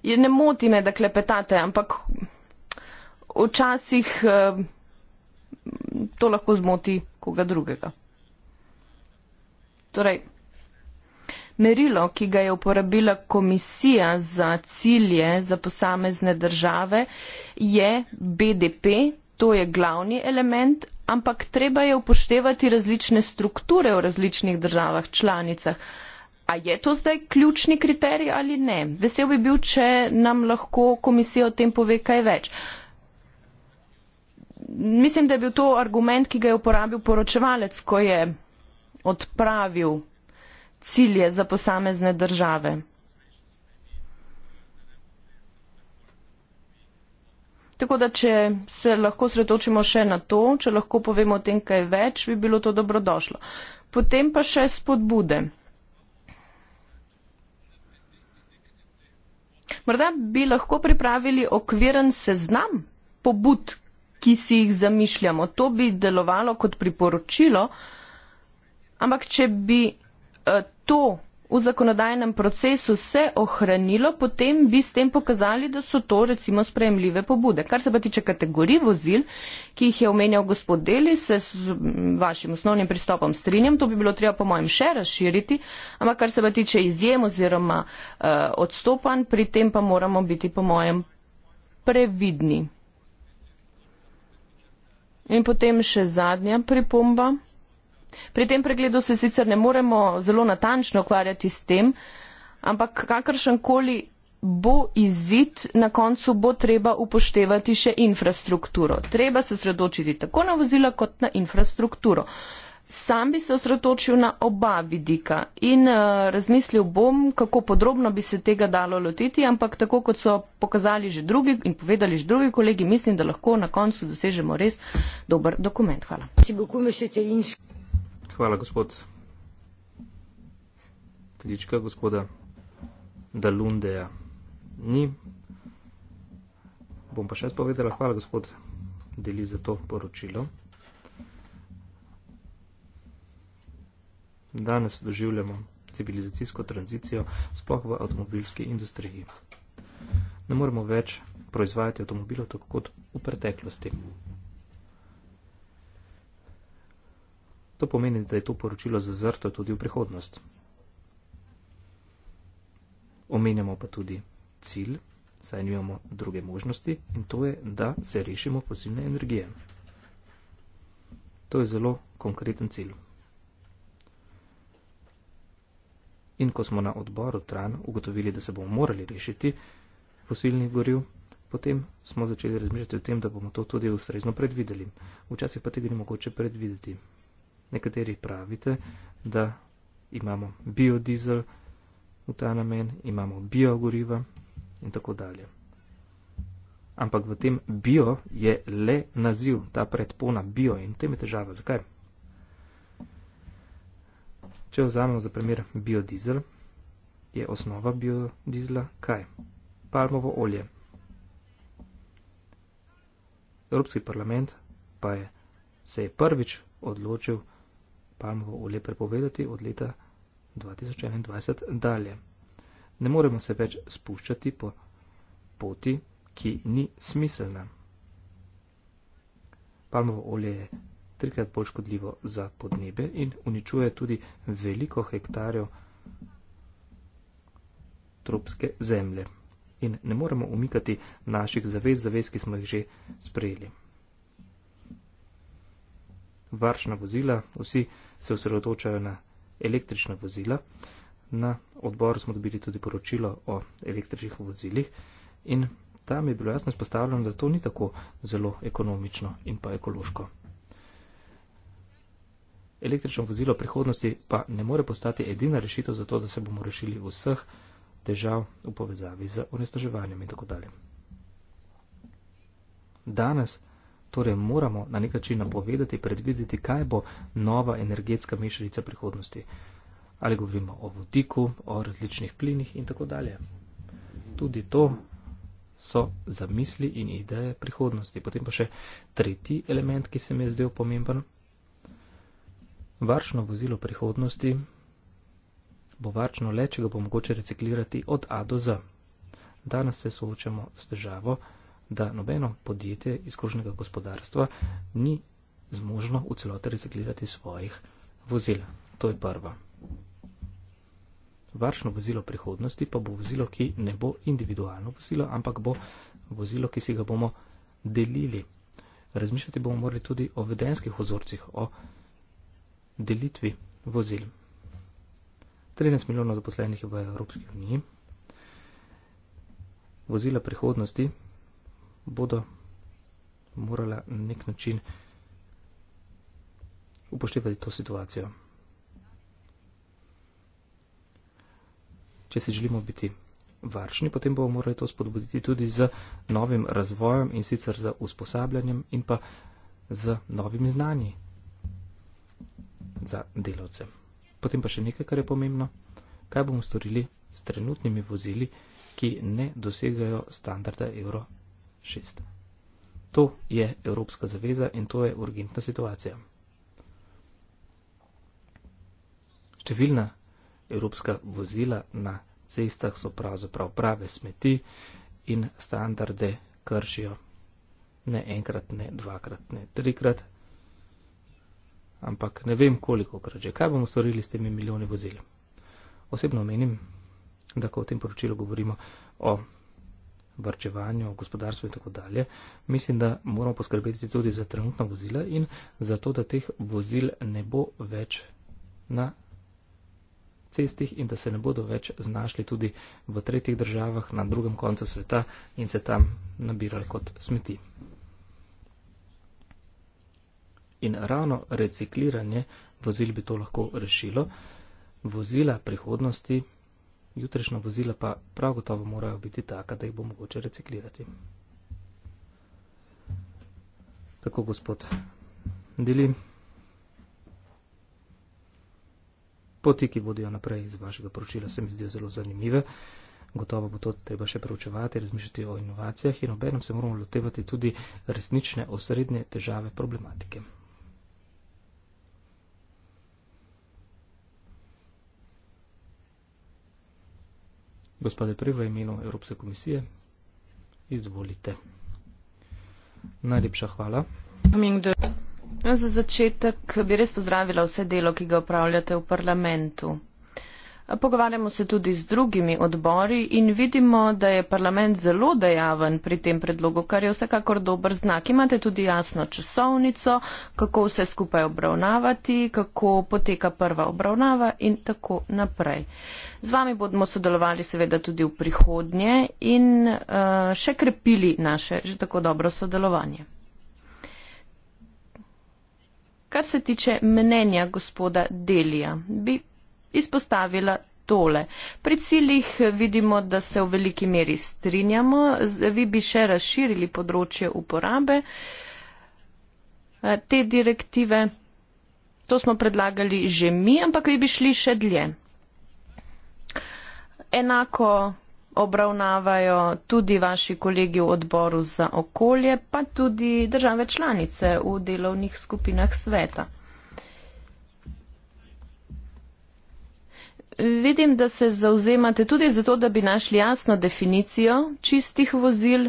Je, ne moti me, da klepetate, ampak včasih eh, to lahko zmoti koga drugega. Torej, Merilo, ki ga je uporabila komisija za cilje za posamezne države, je BDP, to je glavni element, ampak treba je upoštevati različne strukture v različnih državah članicah. A je to zdaj ključni kriterij ali ne? Vesel bi bil, če nam lahko komisija o tem pove kaj več. Mislim, da je bil to argument, ki ga je uporabil poročevalec, ko je odpravil cilje za posamezne države. Tako da, če se lahko sredočimo še na to, če lahko povemo o tem kaj več, bi bilo to dobrodošlo. Potem pa še spodbude. Morda bi lahko pripravili okviren seznam pobud, ki si jih zamišljamo. To bi delovalo kot priporočilo, ampak če bi Eh, to v zakonodajnem procesu se ohranilo, potem bi s tem pokazali, da so to recimo sprejemljive pobude. Kar se pa tiče kategorij vozil, ki jih je omenjal gospod Deli, se s vašim osnovnim pristopom strinjam, to bi bilo treba po mojem še razširiti, ampak kar se pa tiče izjem oziroma uh, eh, odstopan, pri tem pa moramo biti po mojem previdni. In potem še zadnja pripomba. Pri tem pregledu se sicer ne moremo zelo natančno ukvarjati s tem, ampak kakršen koli bo izid, na koncu bo treba upoštevati še infrastrukturo. Treba se sredočiti tako na vozila kot na infrastrukturo. Sam bi se osredotočil na oba vidika in eh, razmislil bom, kako podrobno bi se tega dalo lotiti, ampak tako kot so pokazali že drugi in povedali že drugi kolegi, mislim, da lahko na koncu dosežemo res dober dokument. Hvala. Hvala, gospod. Tudička gospoda Dalundeja ni. Bom pa še jaz povedala, hvala, gospod Deli, za to poročilo. Danes doživljamo civilizacijsko tranzicijo, sploh v avtomobilski industriji. Ne moremo več proizvajati avtomobilov tako kot v preteklosti. To pomeni, da je to poročilo zazrto tudi v prihodnost. Omenjamo pa tudi cilj, saj nimamo druge možnosti, in to je, da se rešimo fosilne energije. To je zelo konkreten cilj. In ko smo na odboru Tran ugotovili, da se bomo morali rešiti fosilnih goriv, potem smo začeli razmišljati o tem, da bomo to tudi ustrezno predvideli. Včasih pa tega ni mogoče predvideti. Nekateri pravite, da imamo biodizel v ta namen, imamo biogoriva in tako dalje. Ampak v tem bio je le naziv, ta predpona bio in v tem je težava. Zakaj? Če vzamemo za primer biodizel, je osnova biodizla kaj? Palmovo olje. Evropski parlament pa je, se je prvič odločil, palmovo olje prepovedati od leta 2021 dalje. Ne moremo se več spuščati po poti, ki ni smiselna. Palmovo olje je trikrat bolj škodljivo za podnebje in uničuje tudi veliko hektarjev tropske zemlje. In ne moremo umikati naših zavez, zavez, ki smo jih že sprejeli. Varšna vozila, vsi se osredotočajo na električna vozila. Na odboru smo dobili tudi poročilo o električnih vozilih in tam je bilo jasno izpostavljeno, da to ni tako zelo ekonomično in pa ekološko. Električno vozilo prihodnosti pa ne more postati edina rešitev za to, da se bomo rešili vseh težav v povezavi z onestaževanjem in tako dalje. Danes Torej moramo na nek način napovedati, predvideti, kaj bo nova energetska mešanica prihodnosti. Ali govorimo o vodiku, o različnih plinih in tako dalje. Tudi to so zamisli in ideje prihodnosti. Potem pa še tretji element, ki se mi je zdel pomemben. Varčno vozilo prihodnosti bo varčno le, če ga bo mogoče reciklirati od A do Z. Danes se soočamo s težavo, da nobeno podjetje izkušnega gospodarstva ni zmožno v celoti reciklirati svojih vozil. To je prva. Varšno vozilo prihodnosti pa bo vozilo, ki ne bo individualno vozilo, ampak bo vozilo, ki si ga bomo delili. Razmišljati bomo morali tudi o vedenskih ozorcih, o delitvi vozil. 13 milijonov zaposlenih je v Evropski uniji. Vozila prihodnosti bodo morala na nek način upoštevati to situacijo. Če se želimo biti varčni, potem bomo morali to spodbuditi tudi z novim razvojem in sicer z usposabljanjem in pa z novimi znanji za delavce. Potem pa še nekaj, kar je pomembno. Kaj bomo storili s trenutnimi vozili, ki ne dosegajo standarda Euro 6? 6. To je evropska zaveza in to je urgentna situacija. Številna evropska vozila na cestah so pravzaprav prave smeti in standarde kršijo ne enkrat, ne dvakrat, ne trikrat, ampak ne vem koliko krat že. Kaj bomo storili s temi milijoni vozil? Osebno menim, da ko v tem poročilu govorimo o varčevanju, gospodarstvu in tako dalje, mislim, da moramo poskrbeti tudi za trenutna vozila in za to, da teh vozil ne bo več na cestih in da se ne bodo več znašli tudi v tretjih državah na drugem koncu sveta in se tam nabirali kot smeti. In ravno recikliranje vozil bi to lahko rešilo. Vozila prihodnosti jutrišnja vozila pa prav gotovo morajo biti taka, da jih bo mogoče reciklirati. Tako, gospod Dili, poti, ki vodijo naprej iz vašega poročila, se mi zdijo zelo zanimive. Gotovo bo to treba še preučevati, razmišljati o inovacijah in obenem se moramo lotevati tudi resnične osrednje težave problematike. Gospode Pri, v imenu Evropske komisije, izvolite. Najlepša hvala. Za začetek bi res pozdravila vse delo, ki ga upravljate v parlamentu. Pogovarjamo se tudi z drugimi odbori in vidimo, da je parlament zelo dejaven pri tem predlogu, kar je vsekakor dober znak. Imate tudi jasno časovnico, kako vse skupaj obravnavati, kako poteka prva obravnava in tako naprej. Z vami bomo sodelovali seveda tudi v prihodnje in uh, še krepili naše že tako dobro sodelovanje. Kar se tiče mnenja gospoda Delija, bi izpostavila tole. Pri ciljih vidimo, da se v veliki meri strinjamo, vi bi še razširili področje uporabe eh, te direktive. To smo predlagali že mi, ampak vi bi šli še dlje. Enako obravnavajo tudi vaši kolegi v odboru za okolje, pa tudi države članice v delovnih skupinah sveta. vidim, da se zauzemate tudi za to, da bi našli jasno definicijo čistih vozil,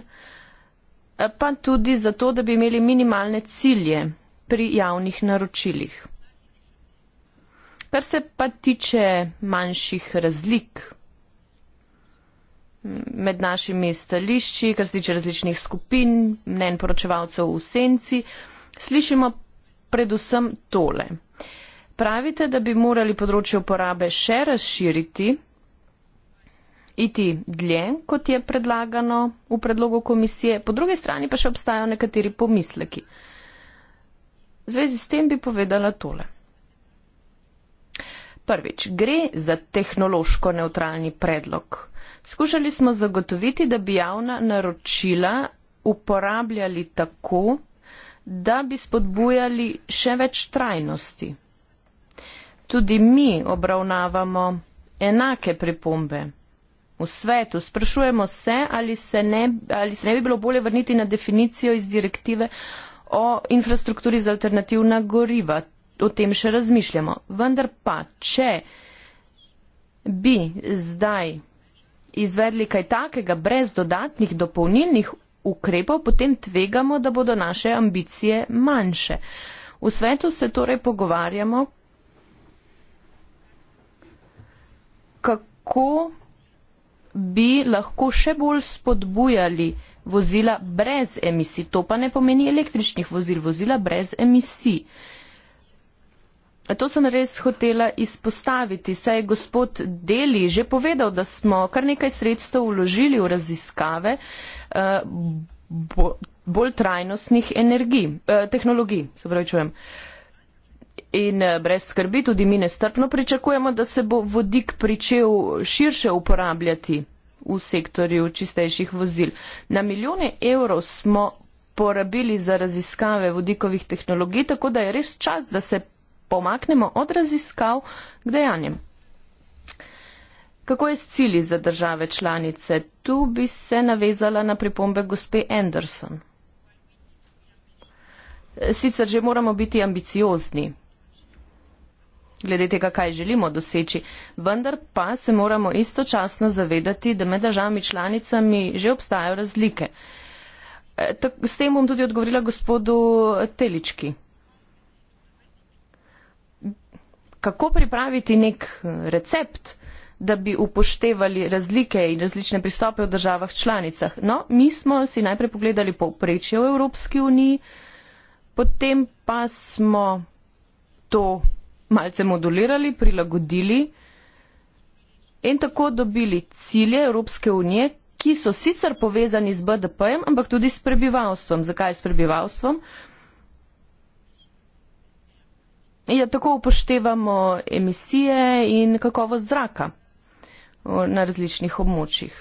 pa tudi za to, da bi imeli minimalne cilje pri javnih naročilih. Kar se pa tiče manjših razlik med našimi stališči, kar se tiče različnih skupin, mnen poročevalcev v senci, slišimo predvsem tole pravite, da bi morali področje uporabe še razširiti, iti dlje, kot je predlagano v predlogu komisije, po drugi strani pa še obstajajo nekateri pomisleki. V zvezi s tem bi povedala tole. Prvič, gre za tehnološko neutralni predlog. Skušali smo zagotoviti, da bi javna naročila uporabljali tako, da bi spodbujali še več trajnosti tudi mi obravnavamo enake pripombe. V svetu sprašujemo se, ali se, ne, ali se ne bi bilo bolje vrniti na definicijo iz direktive o infrastrukturi za alternativna goriva. O tem še razmišljamo. Vendar pa, če bi zdaj izvedli kaj takega brez dodatnih dopolnilnih ukrepov, potem tvegamo, da bodo naše ambicije manjše. V svetu se torej pogovarjamo, kako bi lahko še bolj spodbujali vozila brez emisij. To pa ne pomeni električnih vozil, vozila brez emisij. To sem res hotela izpostaviti, saj je gospod Deli že povedal, da smo kar nekaj sredstev vložili v raziskave eh, bolj trajnostnih energij, eh, tehnologij. Se pravi, čujem in eh, brez skrbi tudi mi nestrpno pričakujemo, da se bo vodik pričel širše uporabljati v sektorju čistejših vozil. Na milijone evrov smo porabili za raziskave vodikovih tehnologij, tako da je res čas, da se pomaknemo od raziskav k dejanjem. Kako je s cilji za države članice? Tu bi se navezala na pripombe gospe Anderson. Sicer že moramo biti ambiciozni, glede tega, kaj želimo doseči. Vendar pa se moramo istočasno zavedati, da med državami članicami že obstajajo razlike. E, s tem bom tudi odgovorila gospodu Telički. Kako pripraviti nek recept, da bi upoštevali razlike in različne pristope v državah članicah? No, mi smo si najprej pogledali povprečje v Evropski uniji, potem pa smo to malce modulirali, prilagodili in tako dobili cilje Evropske unije, ki so sicer povezani z BDP-jem, ampak tudi s prebivalstvom. Zakaj s prebivalstvom? Ja, tako upoštevamo emisije in kakovost zraka na različnih območjih.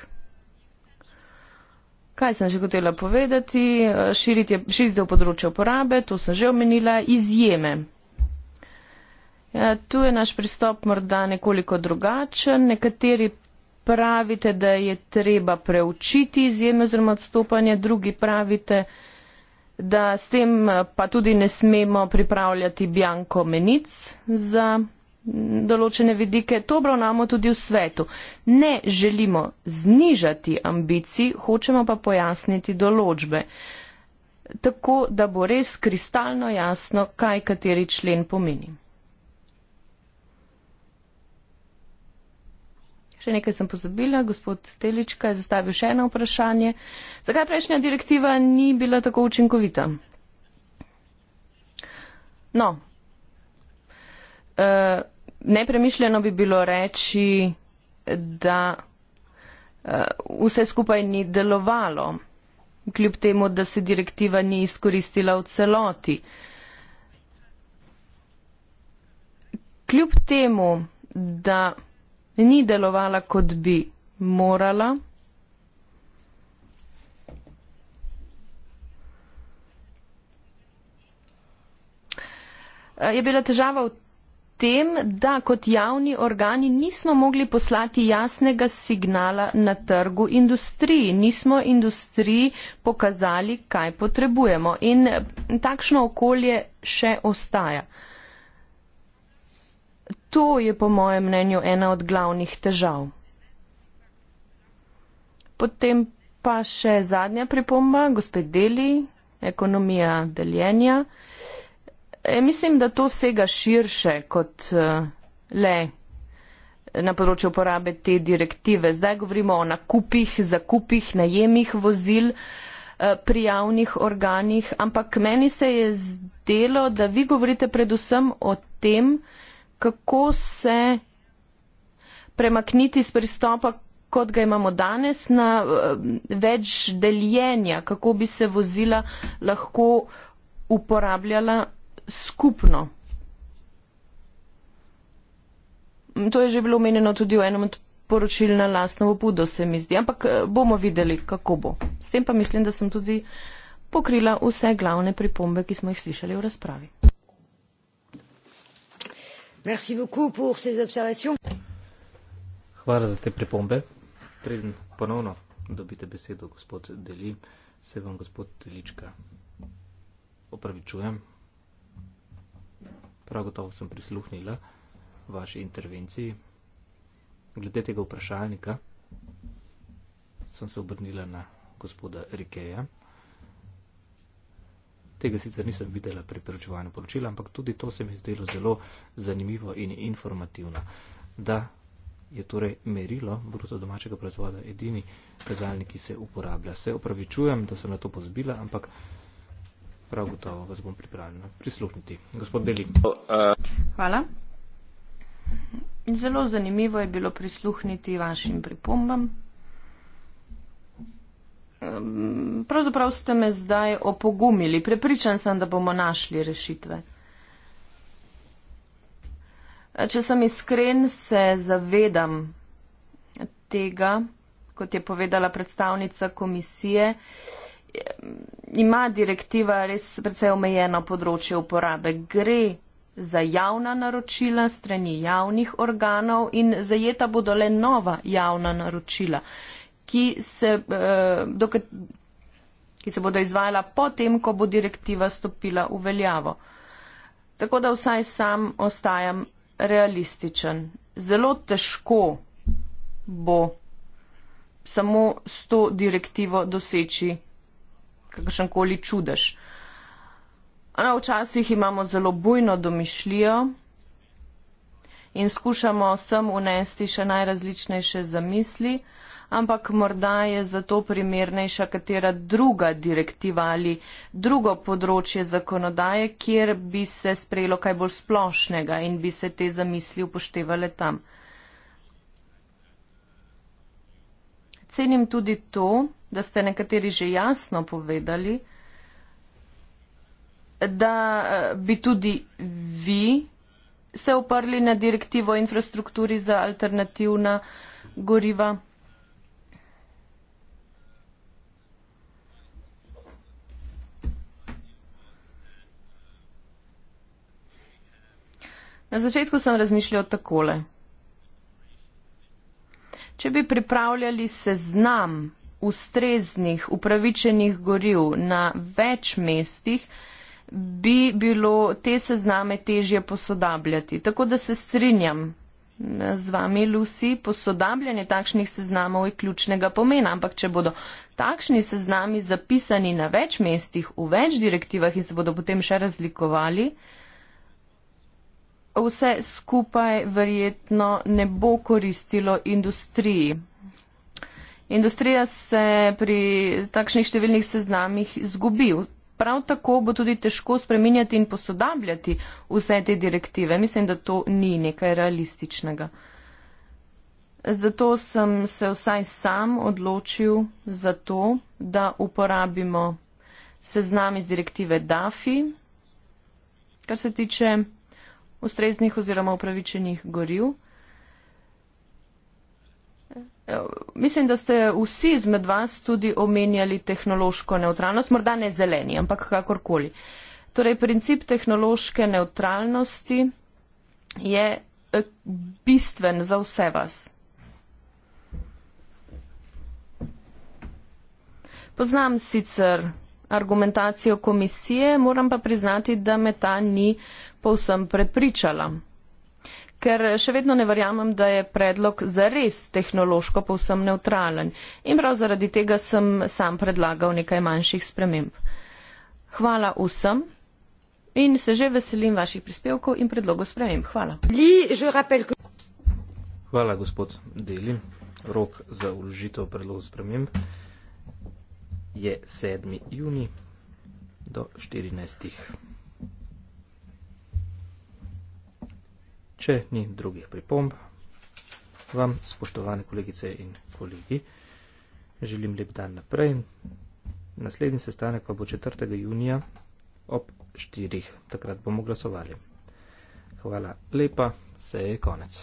Kaj sem že hotela povedati? Širitev področja uporabe, to sem že omenila, izjeme. Ja, tu je naš pristop morda nekoliko drugačen. Nekateri pravite, da je treba preučiti izjeme oziroma odstopanje, drugi pravite, da s tem eh, pa tudi ne smemo pripravljati bjanko menic za mm, določene vidike. To obravnamo tudi v svetu. Ne želimo znižati ambicij, hočemo pa pojasniti določbe. Tako, da bo res kristalno jasno, kaj kateri člen pomeni. Še nekaj sem pozabila, gospod Telička je zastavil še eno vprašanje. Zakaj prejšnja direktiva ni bila tako učinkovita? No, uh, nepremišljeno bi bilo reči, da uh, vse skupaj ni delovalo, kljub temu, da se direktiva ni izkoristila v celoti. Kljub temu, da ni delovala, kot bi morala. Eh, je bila težava v tem, da kot javni organi nismo mogli poslati jasnega signala na trgu industriji. Nismo industriji pokazali, kaj potrebujemo. In takšno okolje še ostaja to je po mojem mnenju ena od glavnih težav. Potem pa še zadnja pripomba, gospod Deli, ekonomija deljenja. E, mislim, da to sega širše kot uh, le na področju uporabe te direktive. Zdaj govorimo o nakupih, zakupih, najemih vozil e, pri javnih organih, ampak meni se je zdelo, da vi govorite predvsem o tem, kako se premakniti z pristopa, kot ga imamo danes, na eh, več deljenja, kako bi se vozila lahko uporabljala skupno. Mm, to je že bilo omenjeno tudi v enem od poročil na lastno pobudo, se mi zdi, ampak eh, bomo videli, kako bo. S tem pa mislim, da sem tudi pokrila vse glavne pripombe, ki smo jih slišali v razpravi. Merci beaucoup pour ces observations. Hvala za te pripombe. Preden ponovno dobite besedo, gospod Deli, se vam gospod Delička opravičujem. Prav gotovo sem prisluhnila vaši intervenciji. Glede tega vprašalnika sem se obrnila na gospoda Rikeja. Tega sicer nisem videla pri preučevanju poročila, ampak tudi to se mi je zdelo zelo zanimivo in informativno. Da je torej merilo bruto domačega proizvoda edini kazalnik, ki se uporablja. Se upravičujem, da sem na to pozbila, ampak prav gotovo vas bom pripravljena prisluhniti. Gospod Belik. Hvala. Zelo zanimivo je bilo prisluhniti vašim pripombam pravzaprav ste me zdaj opogumili. Prepričan sem, da bomo našli rešitve. Če sem iskren, se zavedam tega, kot je povedala predstavnica komisije, ima direktiva res precej omejeno področje uporabe. Gre za javna naročila strani javnih organov in zajeta bodo le nova javna naročila ki se, eh, dokat, ki se bodo izvajala potem, ko bo direktiva stopila v veljavo. Tako da vsaj sam ostajam realističen. Zelo težko bo samo s to direktivo doseči kakršenkoli čudež. Ano, včasih imamo zelo bujno domišljijo in skušamo sem unesti še najrazličnejše zamisli ampak morda je zato primernejša katera druga direktiva ali drugo področje zakonodaje, kjer bi se sprejelo kaj bolj splošnega in bi se te zamisli upoštevale tam. Cenim tudi to, da ste nekateri že jasno povedali, da eh, bi tudi vi se oprli na direktivo o infrastrukturi za alternativna goriva. Na začetku sem razmišljal takole. Če bi pripravljali seznam ustreznih upravičenih goriv na več mestih, bi bilo te sezname težje posodabljati. Tako da se strinjam z vami, Lucy, posodabljanje takšnih seznamov je ključnega pomena, ampak če bodo takšni seznami zapisani na več mestih, v več direktivah in se bodo potem še razlikovali, vse skupaj verjetno ne bo koristilo industriji. Industrija se pri takšnih številnih seznamih zgubi. Prav tako bo tudi težko spreminjati in posodabljati vse te direktive. Mislim, da to ni nekaj realističnega. Zato sem se vsaj sam odločil za to, da uporabimo seznam iz direktive DAFI, kar se tiče ustreznih oziroma upravičenih goril. E, mislim, da ste vsi izmed vas tudi omenjali tehnološko neutralnost, morda ne zeleni, ampak kakorkoli. Torej, princip tehnološke neutralnosti je e, bistven za vse vas. Poznam sicer argumentacijo komisije, moram pa priznati, da me ta ni povsem prepričala. Ker še vedno ne verjamem, da je predlog zares tehnološko povsem neutralen in prav zaradi tega sem sam predlagal nekaj manjših sprememb. Hvala vsem in se že veselim vaših prispevkov in predlogov sprememb. Hvala. Hvala, gospod Deli. Rok za uložitev predlogov sprememb je 7. juni do 14. Če ni drugih pripomb, vam, spoštovane kolegice in kolegi, želim lep dan naprej. Naslednji sestanek pa bo 4. junija ob 4. Takrat bomo glasovali. Hvala lepa, se je konec.